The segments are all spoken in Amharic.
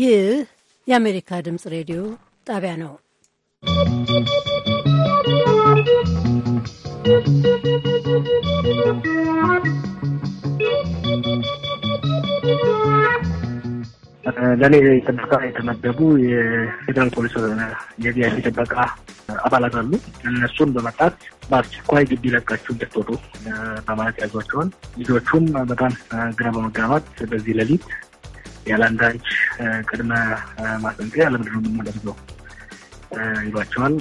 ይህ የአሜሪካ ድምፅ ሬዲዮ ጣቢያ ነው። ለእኔ ጥበቃ የተመደቡ የፌዴራል ፖሊስ የቪአይፒ ጥበቃ አባላት አሉ። እነሱን በመጣት በአስቸኳይ ግቢ ለቃችሁ እንድትወጡ በማለት ያዟቸውን። ልጆቹም በጣም ግራ በመጋባት በዚህ ሌሊት ያለአንዳች ቅድመ ማስጠንቀቂያ ለምንድን ነው ይሏቸዋል።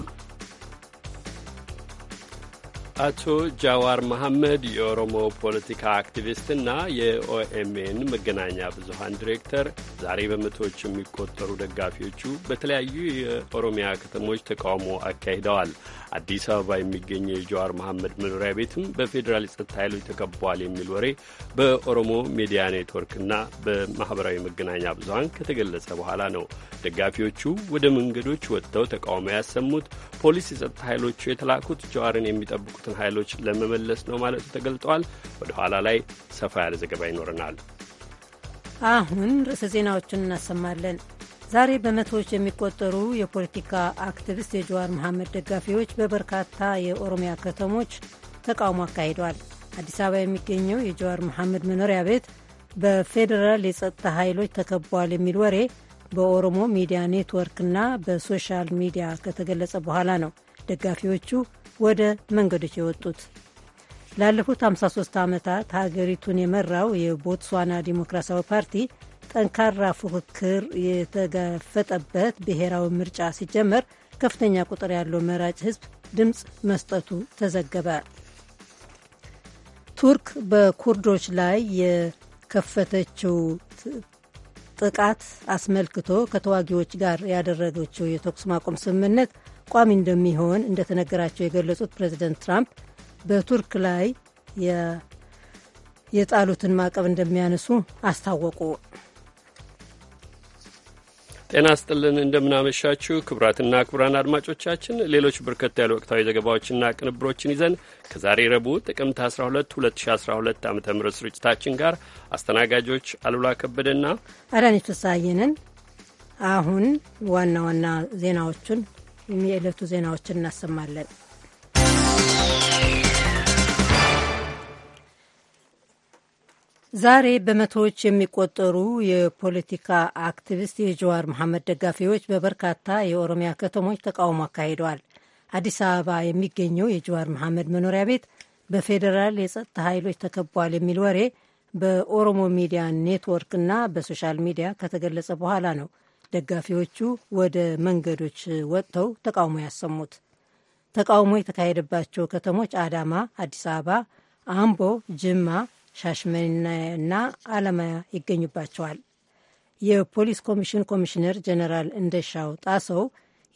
አቶ ጃዋር መሐመድ የኦሮሞ ፖለቲካ አክቲቪስትና የኦኤምኤን መገናኛ ብዙሀን ዲሬክተር፣ ዛሬ በመቶዎች የሚቆጠሩ ደጋፊዎቹ በተለያዩ የኦሮሚያ ከተሞች ተቃውሞ አካሂደዋል። አዲስ አበባ የሚገኘው የጀዋር መሐመድ መኖሪያ ቤትም በፌዴራል የጸጥታ ኃይሎች ተከቧል የሚል ወሬ በኦሮሞ ሚዲያ ኔትወርክና በማኅበራዊ መገናኛ ብዙሀን ከተገለጸ በኋላ ነው ደጋፊዎቹ ወደ መንገዶች ወጥተው ተቃውሞ ያሰሙት። ፖሊስ የጸጥታ ኃይሎቹ የተላኩት ጀዋርን የሚጠብቁትን ኃይሎች ለመመለስ ነው ማለቱ ተገልጧል። ወደ ኋላ ላይ ሰፋ ያለ ዘገባ ይኖረናል። አሁን ርዕሰ ዜናዎቹን እናሰማለን። ዛሬ በመቶዎች የሚቆጠሩ የፖለቲካ አክቲቪስት የጀዋር መሐመድ ደጋፊዎች በበርካታ የኦሮሚያ ከተሞች ተቃውሞ አካሂደዋል። አዲስ አበባ የሚገኘው የጀዋር መሐመድ መኖሪያ ቤት በፌዴራል የጸጥታ ኃይሎች ተከቧል የሚል ወሬ በኦሮሞ ሚዲያ ኔትወርክና በሶሻል ሚዲያ ከተገለጸ በኋላ ነው ደጋፊዎቹ ወደ መንገዶች የወጡት። ላለፉት 53 ዓመታት ሀገሪቱን የመራው የቦትስዋና ዲሞክራሲያዊ ፓርቲ ጠንካራ ፉክክር የተጋፈጠበት ብሔራዊ ምርጫ ሲጀመር ከፍተኛ ቁጥር ያለው መራጭ ህዝብ ድምፅ መስጠቱ ተዘገበ። ቱርክ በኩርዶች ላይ የከፈተችው ጥቃት አስመልክቶ ከተዋጊዎች ጋር ያደረገችው የተኩስ ማቆም ስምምነት ቋሚ እንደሚሆን እንደተነገራቸው የገለጹት ፕሬዚደንት ትራምፕ በቱርክ ላይ የጣሉትን ማዕቀብ እንደሚያነሱ አስታወቁ። ጤና ስጥልን እንደምናመሻችሁ ክቡራትና ክቡራን አድማጮቻችን ሌሎች በርከት ያሉ ወቅታዊ ዘገባዎችና ቅንብሮችን ይዘን ከዛሬ ረቡዕ ጥቅምት 12 2012 ዓ ም ስርጭታችን ጋር አስተናጋጆች አሉላ ከበደና አዳነች ተሳየንን። አሁን ዋና ዋና ዜናዎቹን የዕለቱ ዜናዎችን እናሰማለን። ዛሬ በመቶዎች የሚቆጠሩ የፖለቲካ አክቲቪስት የጀዋር መሐመድ ደጋፊዎች በበርካታ የኦሮሚያ ከተሞች ተቃውሞ አካሂደዋል። አዲስ አበባ የሚገኘው የጀዋር መሐመድ መኖሪያ ቤት በፌዴራል የጸጥታ ኃይሎች ተከቧል የሚል ወሬ በኦሮሞ ሚዲያ ኔትወርክ እና በሶሻል ሚዲያ ከተገለጸ በኋላ ነው ደጋፊዎቹ ወደ መንገዶች ወጥተው ተቃውሞ ያሰሙት። ተቃውሞ የተካሄደባቸው ከተሞች አዳማ፣ አዲስ አበባ፣ አምቦ፣ ጅማ ሻሽመናና አለማያ ይገኙባቸዋል። የፖሊስ ኮሚሽን ኮሚሽነር ጀነራል እንደሻው ጣሰው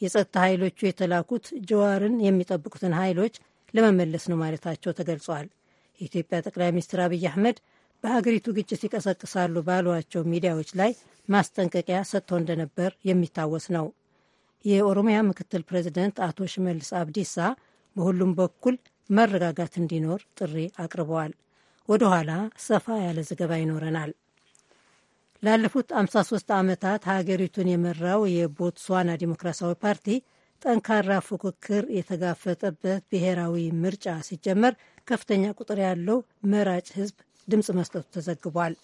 የጸጥታ ኃይሎቹ የተላኩት ጀዋርን የሚጠብቁትን ኃይሎች ለመመለስ ነው ማለታቸው ተገልጿል። የኢትዮጵያ ጠቅላይ ሚኒስትር አብይ አህመድ በሀገሪቱ ግጭት ይቀሰቅሳሉ ባሏቸው ሚዲያዎች ላይ ማስጠንቀቂያ ሰጥቶ እንደነበር የሚታወስ ነው። የኦሮሚያ ምክትል ፕሬዚደንት አቶ ሽመልስ አብዲሳ በሁሉም በኩል መረጋጋት እንዲኖር ጥሪ አቅርበዋል። ወደ ኋላ ሰፋ ያለ ዘገባ ይኖረናል። ላለፉት 53 ዓመታት ሀገሪቱን የመራው የቦትስዋና ዲሞክራሲያዊ ፓርቲ ጠንካራ ፉክክር የተጋፈጠበት ብሔራዊ ምርጫ ሲጀመር ከፍተኛ ቁጥር ያለው መራጭ ህዝብ ድምፅ መስጠቱ ተዘግቧል።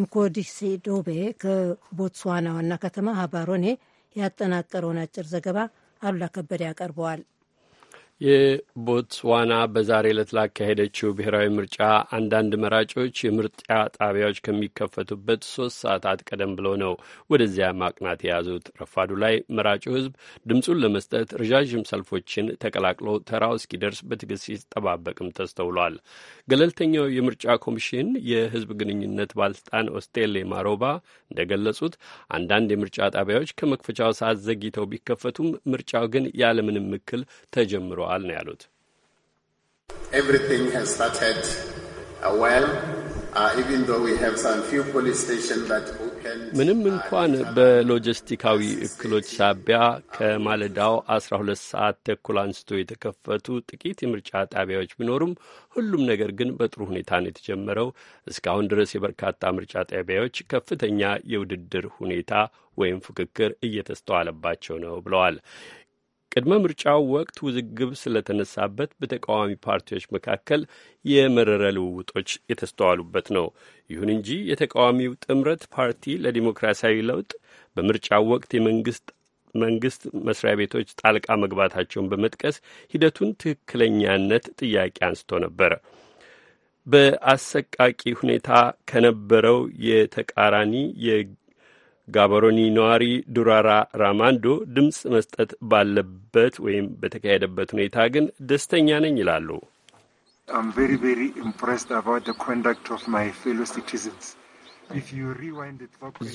ምኮዲሲ ዶቤ ከቦትስዋና ዋና ከተማ ሀባሮኔ ያጠናቀረውን አጭር ዘገባ አሉላ ከበደ ያቀርበዋል። የቦትስዋና በዛሬ ዕለት ላካሄደችው ብሔራዊ ምርጫ አንዳንድ መራጮች የምርጫ ጣቢያዎች ከሚከፈቱበት ሶስት ሰዓታት ቀደም ብሎ ነው ወደዚያ ማቅናት የያዙት። ረፋዱ ላይ መራጩ ሕዝብ ድምፁን ለመስጠት ረዣዥም ሰልፎችን ተቀላቅሎ ተራው እስኪደርስ በትዕግስት ሲጠባበቅም ተስተውሏል። ገለልተኛው የምርጫ ኮሚሽን የሕዝብ ግንኙነት ባለስልጣን ኦስቴሌ ማሮባ እንደገለጹት አንዳንድ የምርጫ ጣቢያዎች ከመክፈቻው ሰዓት ዘግይተው ቢከፈቱም ምርጫው ግን ያለምንም እክል ተጀምሯል። ተከትለዋል ነው ያሉት። uh, uh, ምንም uh, እንኳን በሎጂስቲካዊ እክሎች ሳቢያ ከማለዳው 12 ሰዓት ተኩል አንስቶ የተከፈቱ ጥቂት የምርጫ ጣቢያዎች ቢኖሩም ሁሉም ነገር ግን በጥሩ ሁኔታ ነው የተጀመረው። እስካሁን ድረስ የበርካታ ምርጫ ጣቢያዎች ከፍተኛ የውድድር ሁኔታ ወይም ፉክክር እየተስተዋለባቸው ነው ብለዋል። ቅድመ ምርጫው ወቅት ውዝግብ ስለተነሳበት በተቃዋሚ ፓርቲዎች መካከል የመረረ ልውውጦች የተስተዋሉበት ነው። ይሁን እንጂ የተቃዋሚው ጥምረት ፓርቲ ለዲሞክራሲያዊ ለውጥ በምርጫው ወቅት የመንግስት መንግስት መስሪያ ቤቶች ጣልቃ መግባታቸውን በመጥቀስ ሂደቱን ትክክለኛነት ጥያቄ አንስቶ ነበር። በአሰቃቂ ሁኔታ ከነበረው የተቃራኒ ጋበሮኒ ነዋሪ ዱራራ ራማንዶ ድምፅ መስጠት ባለበት ወይም በተካሄደበት ሁኔታ ግን ደስተኛ ነኝ ይላሉ።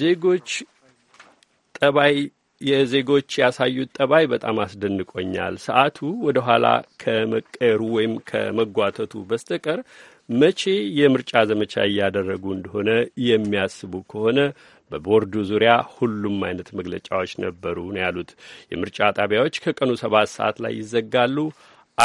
ዜጎች ጠባይ የዜጎች ያሳዩት ጠባይ በጣም አስደንቆኛል። ሰዓቱ ወደ ኋላ ከመቀየሩ ወይም ከመጓተቱ በስተቀር መቼ የምርጫ ዘመቻ እያደረጉ እንደሆነ የሚያስቡ ከሆነ በቦርዱ ዙሪያ ሁሉም አይነት መግለጫዎች ነበሩ ነው ያሉት። የምርጫ ጣቢያዎች ከቀኑ ሰባት ሰዓት ላይ ይዘጋሉ።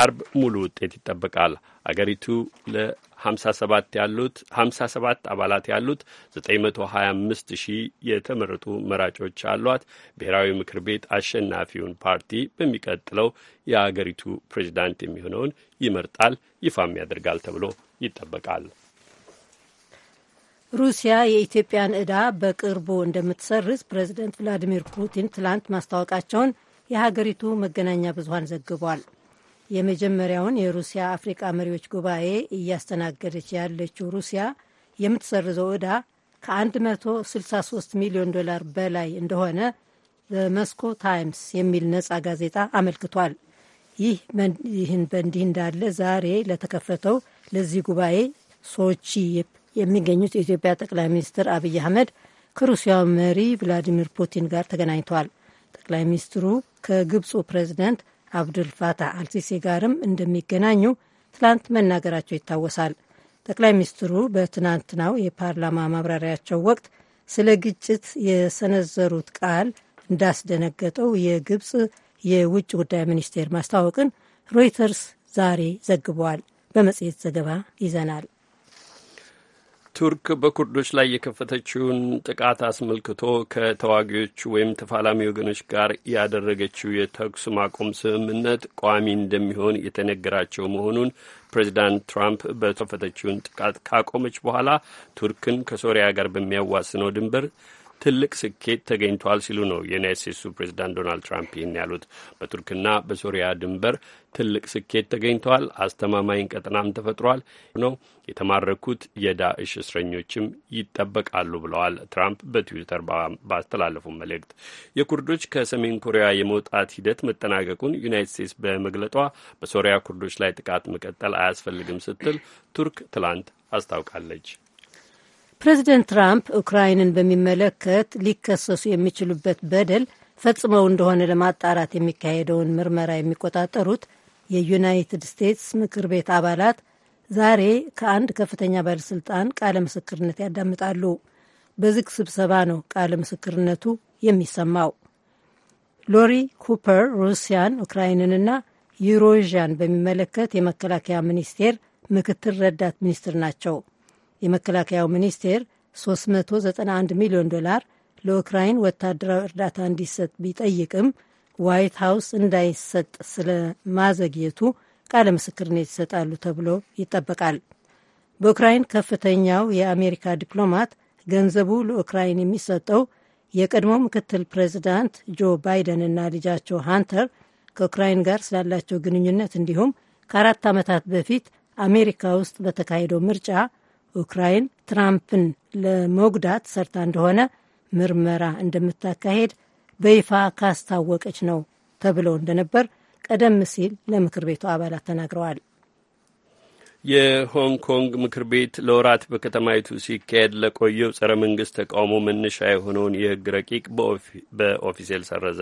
አርብ ሙሉ ውጤት ይጠበቃል። አገሪቱ ለ57 ያሉት 57 አባላት ያሉት 925 ሺህ የተመረጡ መራጮች አሏት። ብሔራዊ ምክር ቤት አሸናፊውን ፓርቲ በሚቀጥለው የአገሪቱ ፕሬዚዳንት የሚሆነውን ይመርጣል፣ ይፋም ያደርጋል ተብሎ ይጠበቃል። ሩሲያ የኢትዮጵያን ዕዳ በቅርቡ እንደምትሰርዝ ፕሬዚደንት ቭላዲሚር ፑቲን ትላንት ማስታወቃቸውን የሀገሪቱ መገናኛ ብዙኃን ዘግቧል። የመጀመሪያውን የሩሲያ አፍሪቃ መሪዎች ጉባኤ እያስተናገደች ያለችው ሩሲያ የምትሰርዘው ዕዳ ከ163 ሚሊዮን ዶላር በላይ እንደሆነ በሞስኮ ታይምስ የሚል ነጻ ጋዜጣ አመልክቷል። ይህ በእንዲህ እንዳለ ዛሬ ለተከፈተው ለዚህ ጉባኤ ሶቺ የሚገኙት የኢትዮጵያ ጠቅላይ ሚኒስትር አብይ አህመድ ከሩሲያው መሪ ቭላዲሚር ፑቲን ጋር ተገናኝተዋል። ጠቅላይ ሚኒስትሩ ከግብፁ ፕሬዚደንት አብዱል ፋታህ አልሲሲ ጋርም እንደሚገናኙ ትላንት መናገራቸው ይታወሳል። ጠቅላይ ሚኒስትሩ በትናንትናው የፓርላማ ማብራሪያቸው ወቅት ስለ ግጭት የሰነዘሩት ቃል እንዳስደነገጠው የግብፅ የውጭ ጉዳይ ሚኒስቴር ማስታወቅን ሮይተርስ ዛሬ ዘግቧል። በመጽሔት ዘገባ ይዘናል። ቱርክ በኩርዶች ላይ የከፈተችውን ጥቃት አስመልክቶ ከተዋጊዎች ወይም ተፋላሚ ወገኖች ጋር ያደረገችው የተኩስ ማቆም ስምምነት ቋሚ እንደሚሆን የተነገራቸው መሆኑን ፕሬዚዳንት ትራምፕ በከፈተችውን ጥቃት ካቆመች በኋላ ቱርክን ከሶሪያ ጋር በሚያዋስነው ድንበር ትልቅ ስኬት ተገኝቷል ሲሉ ነው የዩናይት ስቴትሱ ፕሬዚዳንት ዶናልድ ትራምፕ ይህን ያሉት። በቱርክና በሶሪያ ድንበር ትልቅ ስኬት ተገኝተዋል፣ አስተማማኝ ቀጠናም ተፈጥሯል ነው የተማረኩት የዳእሽ እስረኞችም ይጠበቃሉ ብለዋል ትራምፕ በትዊተር ባስተላለፉ መልእክት። የኩርዶች ከሰሜን ኮሪያ የመውጣት ሂደት መጠናቀቁን ዩናይት ስቴትስ በመግለጧ በሶሪያ ኩርዶች ላይ ጥቃት መቀጠል አያስፈልግም ስትል ቱርክ ትላንት አስታውቃለች። ፕሬዚደንት ትራምፕ ኡክራይንን በሚመለከት ሊከሰሱ የሚችሉበት በደል ፈጽመው እንደሆነ ለማጣራት የሚካሄደውን ምርመራ የሚቆጣጠሩት የዩናይትድ ስቴትስ ምክር ቤት አባላት ዛሬ ከአንድ ከፍተኛ ባለሥልጣን ቃለ ምስክርነት ያዳምጣሉ። በዝግ ስብሰባ ነው ቃለ ምስክርነቱ የሚሰማው። ሎሪ ኩፐር ሩሲያን፣ ኡክራይንንና ዩሮዥያን በሚመለከት የመከላከያ ሚኒስቴር ምክትል ረዳት ሚኒስትር ናቸው። የመከላከያው ሚኒስቴር 391 ሚሊዮን ዶላር ለኡክራይን ወታደራዊ እርዳታ እንዲሰጥ ቢጠይቅም ዋይት ሀውስ እንዳይሰጥ ስለማዘግየቱ ቃለ ምስክርነት ይሰጣሉ ተብሎ ይጠበቃል። በኡክራይን ከፍተኛው የአሜሪካ ዲፕሎማት ገንዘቡ ለኡክራይን የሚሰጠው የቀድሞ ምክትል ፕሬዚዳንት ጆ ባይደን እና ልጃቸው ሃንተር ከኡክራይን ጋር ስላላቸው ግንኙነት እንዲሁም ከአራት ዓመታት በፊት አሜሪካ ውስጥ በተካሄደው ምርጫ ኡክራይን ትራምፕን ለመጉዳት ሰርታ እንደሆነ ምርመራ እንደምታካሄድ በይፋ ካስታወቀች ነው ተብለው እንደነበር ቀደም ሲል ለምክር ቤቱ አባላት ተናግረዋል። የሆንግ ኮንግ ምክር ቤት ለወራት በከተማይቱ ሲካሄድ ለቆየው ጸረ መንግስት ተቃውሞ መነሻ የሆነውን የህግ ረቂቅ በኦፊሴል ሰረዘ።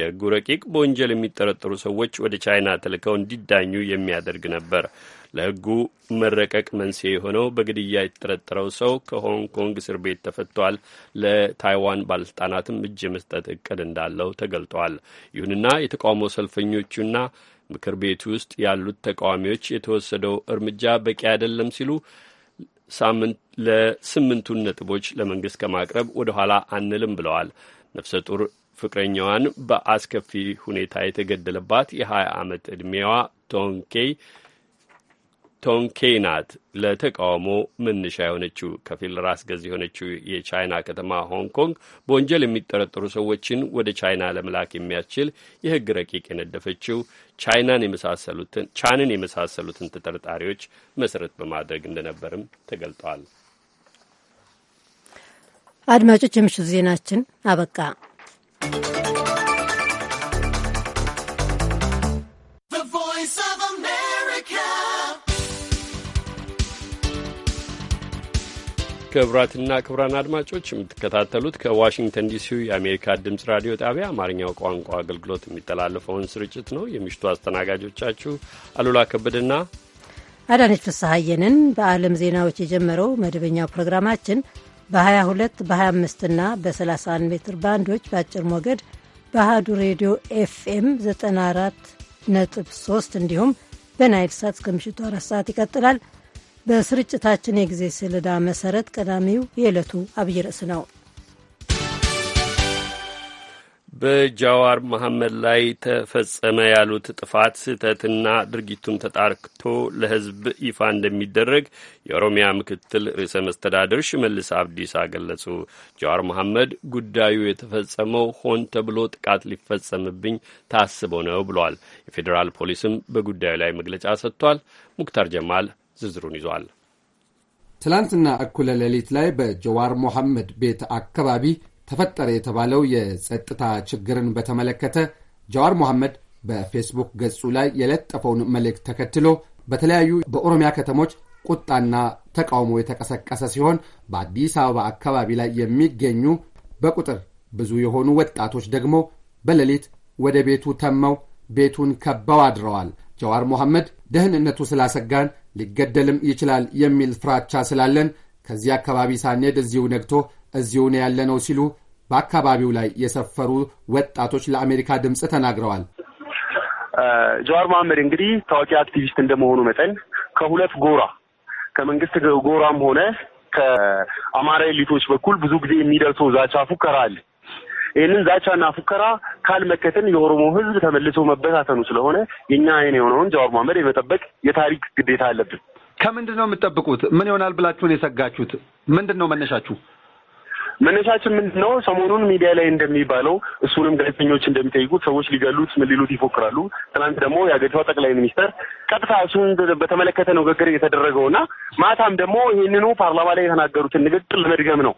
የህጉ ረቂቅ በወንጀል የሚጠረጠሩ ሰዎች ወደ ቻይና ተልከው እንዲዳኙ የሚያደርግ ነበር። ለሕጉ መረቀቅ መንስኤ የሆነው በግድያ የተጠረጠረው ሰው ከሆንግ ኮንግ እስር ቤት ተፈቷል። ለታይዋን ባለስልጣናትም እጅ የመስጠት እቅድ እንዳለው ተገልጧል። ይሁንና የተቃውሞ ሰልፈኞቹና ምክር ቤቱ ውስጥ ያሉት ተቃዋሚዎች የተወሰደው እርምጃ በቂ አይደለም ሲሉ ሳምንት ለስምንቱን ነጥቦች ለመንግስት ከማቅረብ ወደ ኋላ አንልም ብለዋል። ነፍሰ ጡር ፍቅረኛዋን በአስከፊ ሁኔታ የተገደለባት የ20 ዓመት ዕድሜዋ ቶንኬይ ቶንኬ ናት ለተቃውሞ መነሻ የሆነችው ከፊል ራስ ገዝ የሆነችው የቻይና ከተማ ሆንግ ኮንግ በወንጀል የሚጠረጠሩ ሰዎችን ወደ ቻይና ለመላክ የሚያስችል የሕግ ረቂቅ የነደፈችው ቻይናን የመሳሰሉትን ቻንን የመሳሰሉትን ተጠርጣሪዎች መሰረት በማድረግ እንደነበርም ተገልጧል። አድማጮች፣ የምሽቱ ዜናችን አበቃ። ክቡራትና ክቡራን አድማጮች የምትከታተሉት ከዋሽንግተን ዲሲው የአሜሪካ ድምፅ ራዲዮ ጣቢያ አማርኛው ቋንቋ አገልግሎት የሚተላለፈውን ስርጭት ነው። የምሽቱ አስተናጋጆቻችሁ አሉላ ከበደና አዳነች ፍስሐየንን። በዓለም ዜናዎች የጀመረው መደበኛው ፕሮግራማችን በ22 በ25 ና በ31 ሜትር ባንዶች በአጭር ሞገድ በአህዱ ሬዲዮ ኤፍኤም 94 ነጥብ 3 እንዲሁም በናይል ሳት እስከ ምሽቱ አራት ሰዓት ይቀጥላል። በስርጭታችን የጊዜ ሰሌዳ መሰረት ቀዳሚው የዕለቱ አብይ ርዕስ ነው። በጃዋር መሐመድ ላይ ተፈጸመ ያሉት ጥፋት ስህተትና ድርጊቱን ተጣርክቶ ለሕዝብ ይፋ እንደሚደረግ የኦሮሚያ ምክትል ርዕሰ መስተዳደር ሽመልስ አብዲሳ ገለጹ። ጃዋር መሐመድ ጉዳዩ የተፈጸመው ሆን ተብሎ ጥቃት ሊፈጸምብኝ ታስቦ ነው ብሏል። የፌዴራል ፖሊስም በጉዳዩ ላይ መግለጫ ሰጥቷል። ሙክታር ጀማል ዝርዝሩን ይዟል። ትላንትና እኩለ ሌሊት ላይ በጀዋር ሞሐመድ ቤት አካባቢ ተፈጠረ የተባለው የጸጥታ ችግርን በተመለከተ ጀዋር ሞሐመድ በፌስቡክ ገጹ ላይ የለጠፈውን መልእክት ተከትሎ በተለያዩ በኦሮሚያ ከተሞች ቁጣና ተቃውሞ የተቀሰቀሰ ሲሆን በአዲስ አበባ አካባቢ ላይ የሚገኙ በቁጥር ብዙ የሆኑ ወጣቶች ደግሞ በሌሊት ወደ ቤቱ ተመው ቤቱን ከበው አድረዋል። ጀዋር መሐመድ ደህንነቱ ስላሰጋን ሊገደልም ይችላል የሚል ፍራቻ ስላለን ከዚህ አካባቢ ሳንሄድ እዚሁ ነግቶ እዚሁ ነው ያለነው ሲሉ በአካባቢው ላይ የሰፈሩ ወጣቶች ለአሜሪካ ድምፅ ተናግረዋል። ጀዋር መሐመድ እንግዲህ ታዋቂ አክቲቪስት እንደመሆኑ መጠን ከሁለት ጎራ ከመንግስት ጎራም ሆነ ከአማራ ኤሊቶች በኩል ብዙ ጊዜ የሚደርሰው ዛቻ ፉከራ አለ። ይህንን ዛቻና ፉከራ ካልመከትን የኦሮሞ ህዝብ ተመልሶ መበታተኑ ስለሆነ የኛ አይን የሆነውን ጀዋር መሐመድ የመጠበቅ የታሪክ ግዴታ አለብን። ከምንድን ነው የምጠብቁት? ምን ይሆናል ብላችሁን የሰጋችሁት ምንድን ነው? መነሻችሁ መነሻችን ምንድን ነው? ሰሞኑን ሚዲያ ላይ እንደሚባለው እሱንም ጋዜጠኞች እንደሚጠይቁት ሰዎች ሊገሉት ምን ሊሉት ይፎክራሉ። ትናንት ደግሞ የአገሪቷ ጠቅላይ ሚኒስተር ቀጥታ እሱን በተመለከተ ንግግር እና ማታም ደግሞ ይህንኑ ፓርላማ ላይ የተናገሩትን ንግግር ለመድገም ነው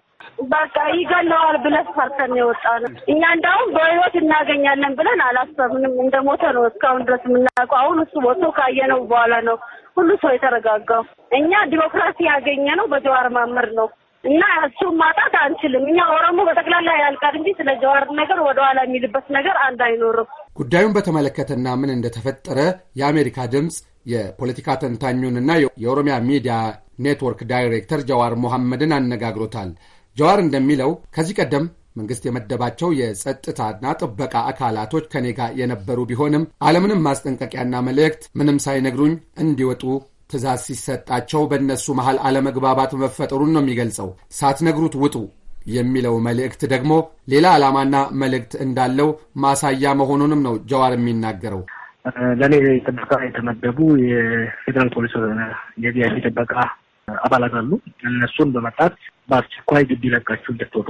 በቃ ይገለዋል ብለን ፈርተን የወጣ ነው። እኛ እንዳሁም በህይወት እናገኛለን ብለን አላሰብንም። እንደ ሞተ ነው እስካሁን ድረስ የምናውቀው። አሁን እሱ ሞቶ ካየነው በኋላ ነው ሁሉ ሰው የተረጋጋው። እኛ ዲሞክራሲ ያገኘ ነው በጀዋር ማምር ነው እና እሱን ማጣት አንችልም። እኛ ኦሮሞ በጠቅላላ ያልቃል እንጂ ስለ ጀዋር ነገር ወደኋላ የሚልበት ነገር አንድ አይኖርም። ጉዳዩን በተመለከተና ምን እንደተፈጠረ የአሜሪካ ድምፅ የፖለቲካ ተንታኙንና የኦሮሚያ ሚዲያ ኔትወርክ ዳይሬክተር ጀዋር መሐመድን አነጋግሮታል። ጀዋር እንደሚለው ከዚህ ቀደም መንግስት የመደባቸው የጸጥታና ጥበቃ አካላቶች ከኔ ጋር የነበሩ ቢሆንም አለምንም ማስጠንቀቂያና መልእክት ምንም ሳይነግሩኝ እንዲወጡ ትእዛዝ ሲሰጣቸው በእነሱ መሃል አለመግባባት መፈጠሩን ነው የሚገልጸው። ሳትነግሩት ውጡ የሚለው መልእክት ደግሞ ሌላ ዓላማና መልእክት እንዳለው ማሳያ መሆኑንም ነው ጀዋር የሚናገረው። ለእኔ ጥበቃ የተመደቡ የፌዴራል ፖሊስ የቪአይፒ ጥበቃ አባላት አሉ። እነሱን በመጣት በአስቸኳይ ግቢ ለቃችሁ እንድትወጡ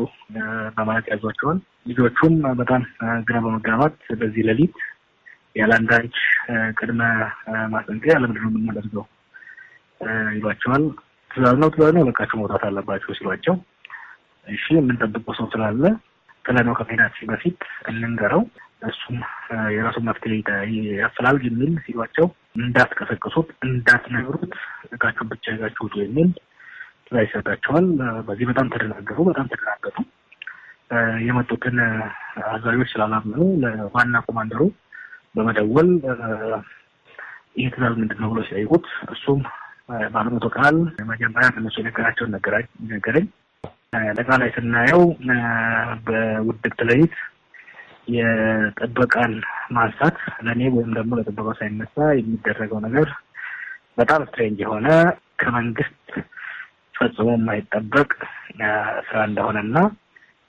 በማለት ያዟቸዋል። ልጆቹም በጣም ግራ በመጋባት በዚህ ሌሊት ያለአንዳች ቅድመ ማስጠንቀቂያ ለምንድን የምናደርገው ይሏቸዋል። ትእዛዝ ነው ትእዛዝ ነው ለቃችሁ መውጣት አለባቸው ሲሏቸው፣ እሺ የምንጠብቀው ሰው ስላለ ጥለነው ከመሄዳችን በፊት እንንገረው እሱም የራሱ መፍትሄ ያፈላል የሚል ሲሏቸው፣ እንዳትቀሰቅሱት፣ እንዳትነግሩት እቃችሁ ብቻ ይዛችሁ ውጡ የሚል ጥላ ይሰጣቸዋል። በዚህ በጣም ተደናገሩ፣ በጣም ተደናገጡ። የመጡትን አዛዦች ስላላመኑ ለዋና ኮማንደሩ በመደወል ይህ ትዕዛዝ ምንድን ነው ብሎ ሲጠይቁት እሱም ባለመቶ ቃል መጀመሪያ እነሱ የነገራቸውን ነገረኝ። ጠቃላይ ስናየው በውድቅት ሌሊት የጥበቃን ማንሳት ለእኔ ወይም ደግሞ ለጥበቃው ሳይነሳ የሚደረገው ነገር በጣም ስትሬንጅ የሆነ ከመንግስት ፈጽሞ የማይጠበቅ ስራ እንደሆነና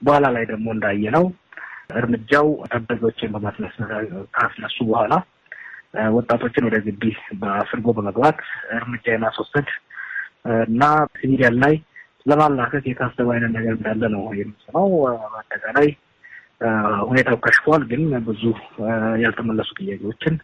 በኋላ ላይ ደግሞ እንዳየነው እርምጃው ጠበዞችን ካስነሱ በኋላ ወጣቶችን ወደ ግቢ በአፍርጎ በመግባት እርምጃ የማስወሰድ እና ሲቪሊያን ላይ ለማላከት የታሰበ አይነት ነገር እንዳለ ነው የምንሰማው። በአጠቃላይ ሁኔታው ከሽፏል፣ ግን ብዙ ያልተመለሱ ጥያቄዎችን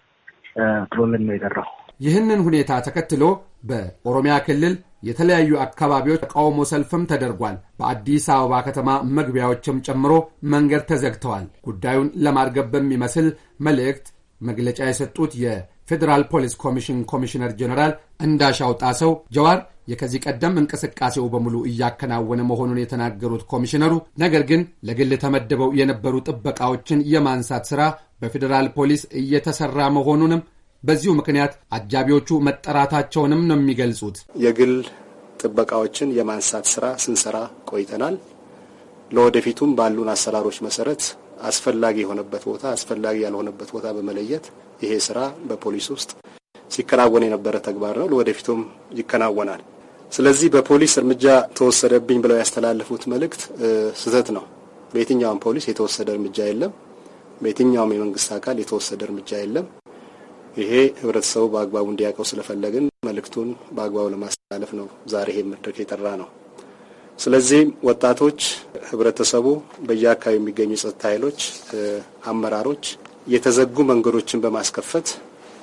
ጥሎልን ነው የቀረው። ይህንን ሁኔታ ተከትሎ በኦሮሚያ ክልል የተለያዩ አካባቢዎች ተቃውሞ ሰልፍም ተደርጓል። በአዲስ አበባ ከተማ መግቢያዎችም ጨምሮ መንገድ ተዘግተዋል። ጉዳዩን ለማርገብ በሚመስል መልእክት መግለጫ የሰጡት የፌዴራል ፖሊስ ኮሚሽን ኮሚሽነር ጀኔራል እንዳሻው ጣሰው ጀዋር የከዚህ ቀደም እንቅስቃሴው በሙሉ እያከናወነ መሆኑን የተናገሩት ኮሚሽነሩ ነገር ግን ለግል ተመድበው የነበሩ ጥበቃዎችን የማንሳት ሥራ በፌዴራል ፖሊስ እየተሰራ መሆኑንም በዚሁ ምክንያት አጃቢዎቹ መጠራታቸውንም ነው የሚገልጹት። የግል ጥበቃዎችን የማንሳት ስራ ስንሰራ ቆይተናል። ለወደፊቱም ባሉን አሰራሮች መሰረት አስፈላጊ የሆነበት ቦታ አስፈላጊ ያልሆነበት ቦታ በመለየት ይሄ ስራ በፖሊስ ውስጥ ሲከናወን የነበረ ተግባር ነው። ለወደፊቱም ይከናወናል። ስለዚህ በፖሊስ እርምጃ ተወሰደብኝ ብለው ያስተላለፉት መልእክት ስህተት ነው። በየትኛውም ፖሊስ የተወሰደ እርምጃ የለም። በየትኛውም የመንግስት አካል የተወሰደ እርምጃ የለም። ይሄ ህብረተሰቡ በአግባቡ እንዲያውቀው ስለፈለግን መልእክቱን በአግባቡ ለማስተላለፍ ነው ዛሬ ይሄ መድረክ የጠራ ነው። ስለዚህ ወጣቶች፣ ህብረተሰቡ፣ በየአካባቢ የሚገኙ የጸጥታ ኃይሎች አመራሮች የተዘጉ መንገዶችን በማስከፈት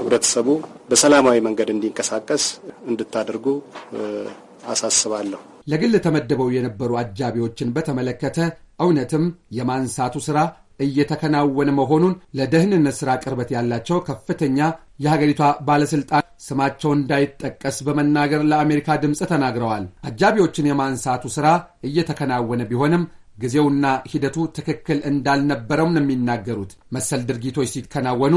ህብረተሰቡ በሰላማዊ መንገድ እንዲንቀሳቀስ እንድታደርጉ አሳስባለሁ። ለግል ተመድበው የነበሩ አጃቢዎችን በተመለከተ እውነትም የማንሳቱ ስራ እየተከናወነ መሆኑን ለደህንነት ሥራ ቅርበት ያላቸው ከፍተኛ የሀገሪቷ ባለሥልጣን ስማቸው እንዳይጠቀስ በመናገር ለአሜሪካ ድምፅ ተናግረዋል። አጃቢዎችን የማንሳቱ ሥራ እየተከናወነ ቢሆንም ጊዜውና ሂደቱ ትክክል እንዳልነበረውም ነው የሚናገሩት። መሰል ድርጊቶች ሲከናወኑ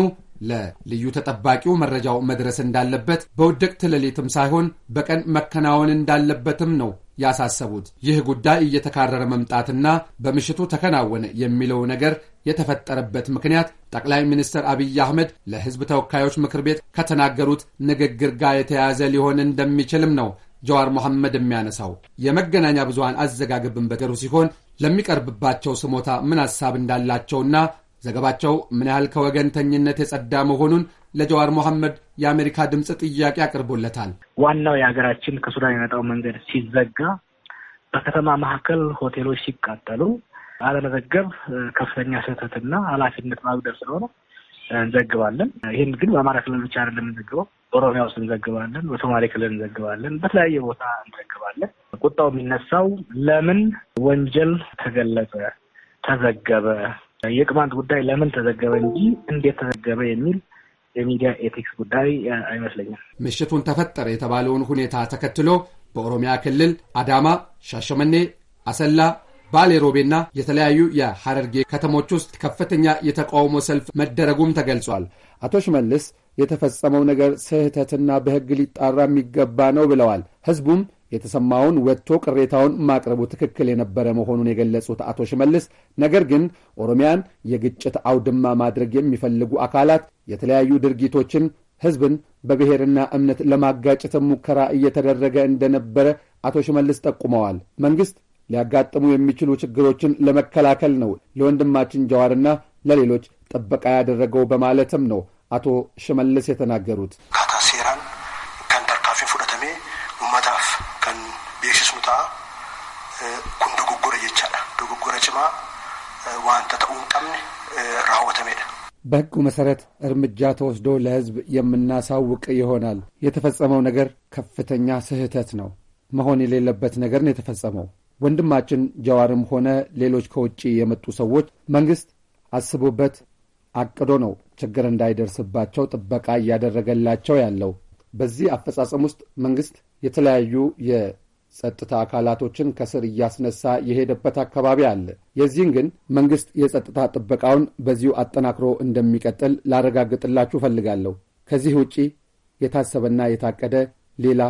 ለልዩ ተጠባቂው መረጃው መድረስ እንዳለበት፣ በውድቅት ሌሊትም ሳይሆን በቀን መከናወን እንዳለበትም ነው ያሳሰቡት ይህ ጉዳይ እየተካረረ መምጣትና በምሽቱ ተከናወነ የሚለው ነገር የተፈጠረበት ምክንያት ጠቅላይ ሚኒስትር አብይ አህመድ ለሕዝብ ተወካዮች ምክር ቤት ከተናገሩት ንግግር ጋር የተያያዘ ሊሆን እንደሚችልም ነው ጀዋር መሐመድ የሚያነሳው። የመገናኛ ብዙሃን አዘጋገብን በገሩ ሲሆን ለሚቀርብባቸው ስሞታ ምን ሐሳብ እንዳላቸውና ዘገባቸው ምን ያህል ከወገንተኝነት የጸዳ መሆኑን ለጀዋር መሐመድ የአሜሪካ ድምፅ ጥያቄ አቅርቦለታል። ዋናው የሀገራችን ከሱዳን የመጣው መንገድ ሲዘጋ፣ በከተማ መካከል ሆቴሎች ሲቃጠሉ አለመዘገብ ከፍተኛ ስህተትና ኃላፊነት ማጉደል ስለሆነ እንዘግባለን። ይህን ግን በአማራ ክልል ብቻ አይደለም እንዘግበው፣ በኦሮሚያ ውስጥ እንዘግባለን፣ በሶማሌ ክልል እንዘግባለን፣ በተለያየ ቦታ እንዘግባለን። ቁጣው የሚነሳው ለምን ወንጀል ተገለጸ፣ ተዘገበ የቅማንት ጉዳይ ለምን ተዘገበ እንጂ እንዴት ተዘገበ የሚል የሚዲያ ኤቲክስ ጉዳይ አይመስለኝም። ምሽቱን ተፈጠረ የተባለውን ሁኔታ ተከትሎ በኦሮሚያ ክልል አዳማ፣ ሻሸመኔ፣ አሰላ፣ ባሌ ሮቤና የተለያዩ የሐረርጌ ከተሞች ውስጥ ከፍተኛ የተቃውሞ ሰልፍ መደረጉም ተገልጿል። አቶ ሽመልስ የተፈጸመው ነገር ስህተትና በሕግ ሊጣራ የሚገባ ነው ብለዋል። ሕዝቡም የተሰማውን ወጥቶ ቅሬታውን ማቅረቡ ትክክል የነበረ መሆኑን የገለጹት አቶ ሽመልስ ነገር ግን ኦሮሚያን የግጭት አውድማ ማድረግ የሚፈልጉ አካላት የተለያዩ ድርጊቶችን ህዝብን በብሔርና እምነት ለማጋጨት ሙከራ እየተደረገ እንደነበረ አቶ ሽመልስ ጠቁመዋል። መንግሥት ሊያጋጥሙ የሚችሉ ችግሮችን ለመከላከል ነው ለወንድማችን ጀዋርና ለሌሎች ጥበቃ ያደረገው በማለትም ነው አቶ ሽመልስ የተናገሩት። ጅማ ዋንተ ተኡም ጠምን በሕጉ መሰረት እርምጃ ተወስዶ ለሕዝብ የምናሳውቅ ይሆናል። የተፈጸመው ነገር ከፍተኛ ስህተት ነው። መሆን የሌለበት ነገር ነው የተፈጸመው። ወንድማችን ጀዋርም ሆነ ሌሎች ከውጭ የመጡ ሰዎች መንግሥት አስቦበት አቅዶ ነው ችግር እንዳይደርስባቸው ጥበቃ እያደረገላቸው ያለው። በዚህ አፈጻጸም ውስጥ መንግሥት የተለያዩ ጸጥታ አካላቶችን ከስር እያስነሳ የሄደበት አካባቢ አለ። የዚህን ግን መንግሥት የጸጥታ ጥበቃውን በዚሁ አጠናክሮ እንደሚቀጥል ላረጋግጥላችሁ እፈልጋለሁ። ከዚህ ውጪ የታሰበና የታቀደ ሌላ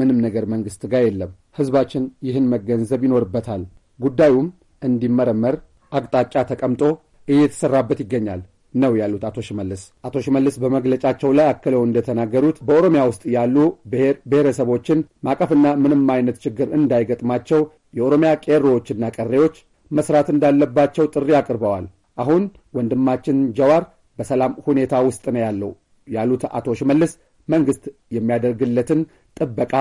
ምንም ነገር መንግሥት ጋር የለም። ሕዝባችን ይህን መገንዘብ ይኖርበታል። ጉዳዩም እንዲመረመር አቅጣጫ ተቀምጦ እየተሰራበት ይገኛል። ነው ያሉት አቶ ሽመልስ። አቶ ሽመልስ በመግለጫቸው ላይ አክለው እንደተናገሩት በኦሮሚያ ውስጥ ያሉ ብሔር ብሔረሰቦችን ማቀፍና ምንም አይነት ችግር እንዳይገጥማቸው የኦሮሚያ ቄሮዎችና ቀሬዎች መስራት እንዳለባቸው ጥሪ አቅርበዋል። አሁን ወንድማችን ጀዋር በሰላም ሁኔታ ውስጥ ነው ያለው ያሉት አቶ ሽመልስ መንግሥት የሚያደርግለትን ጥበቃ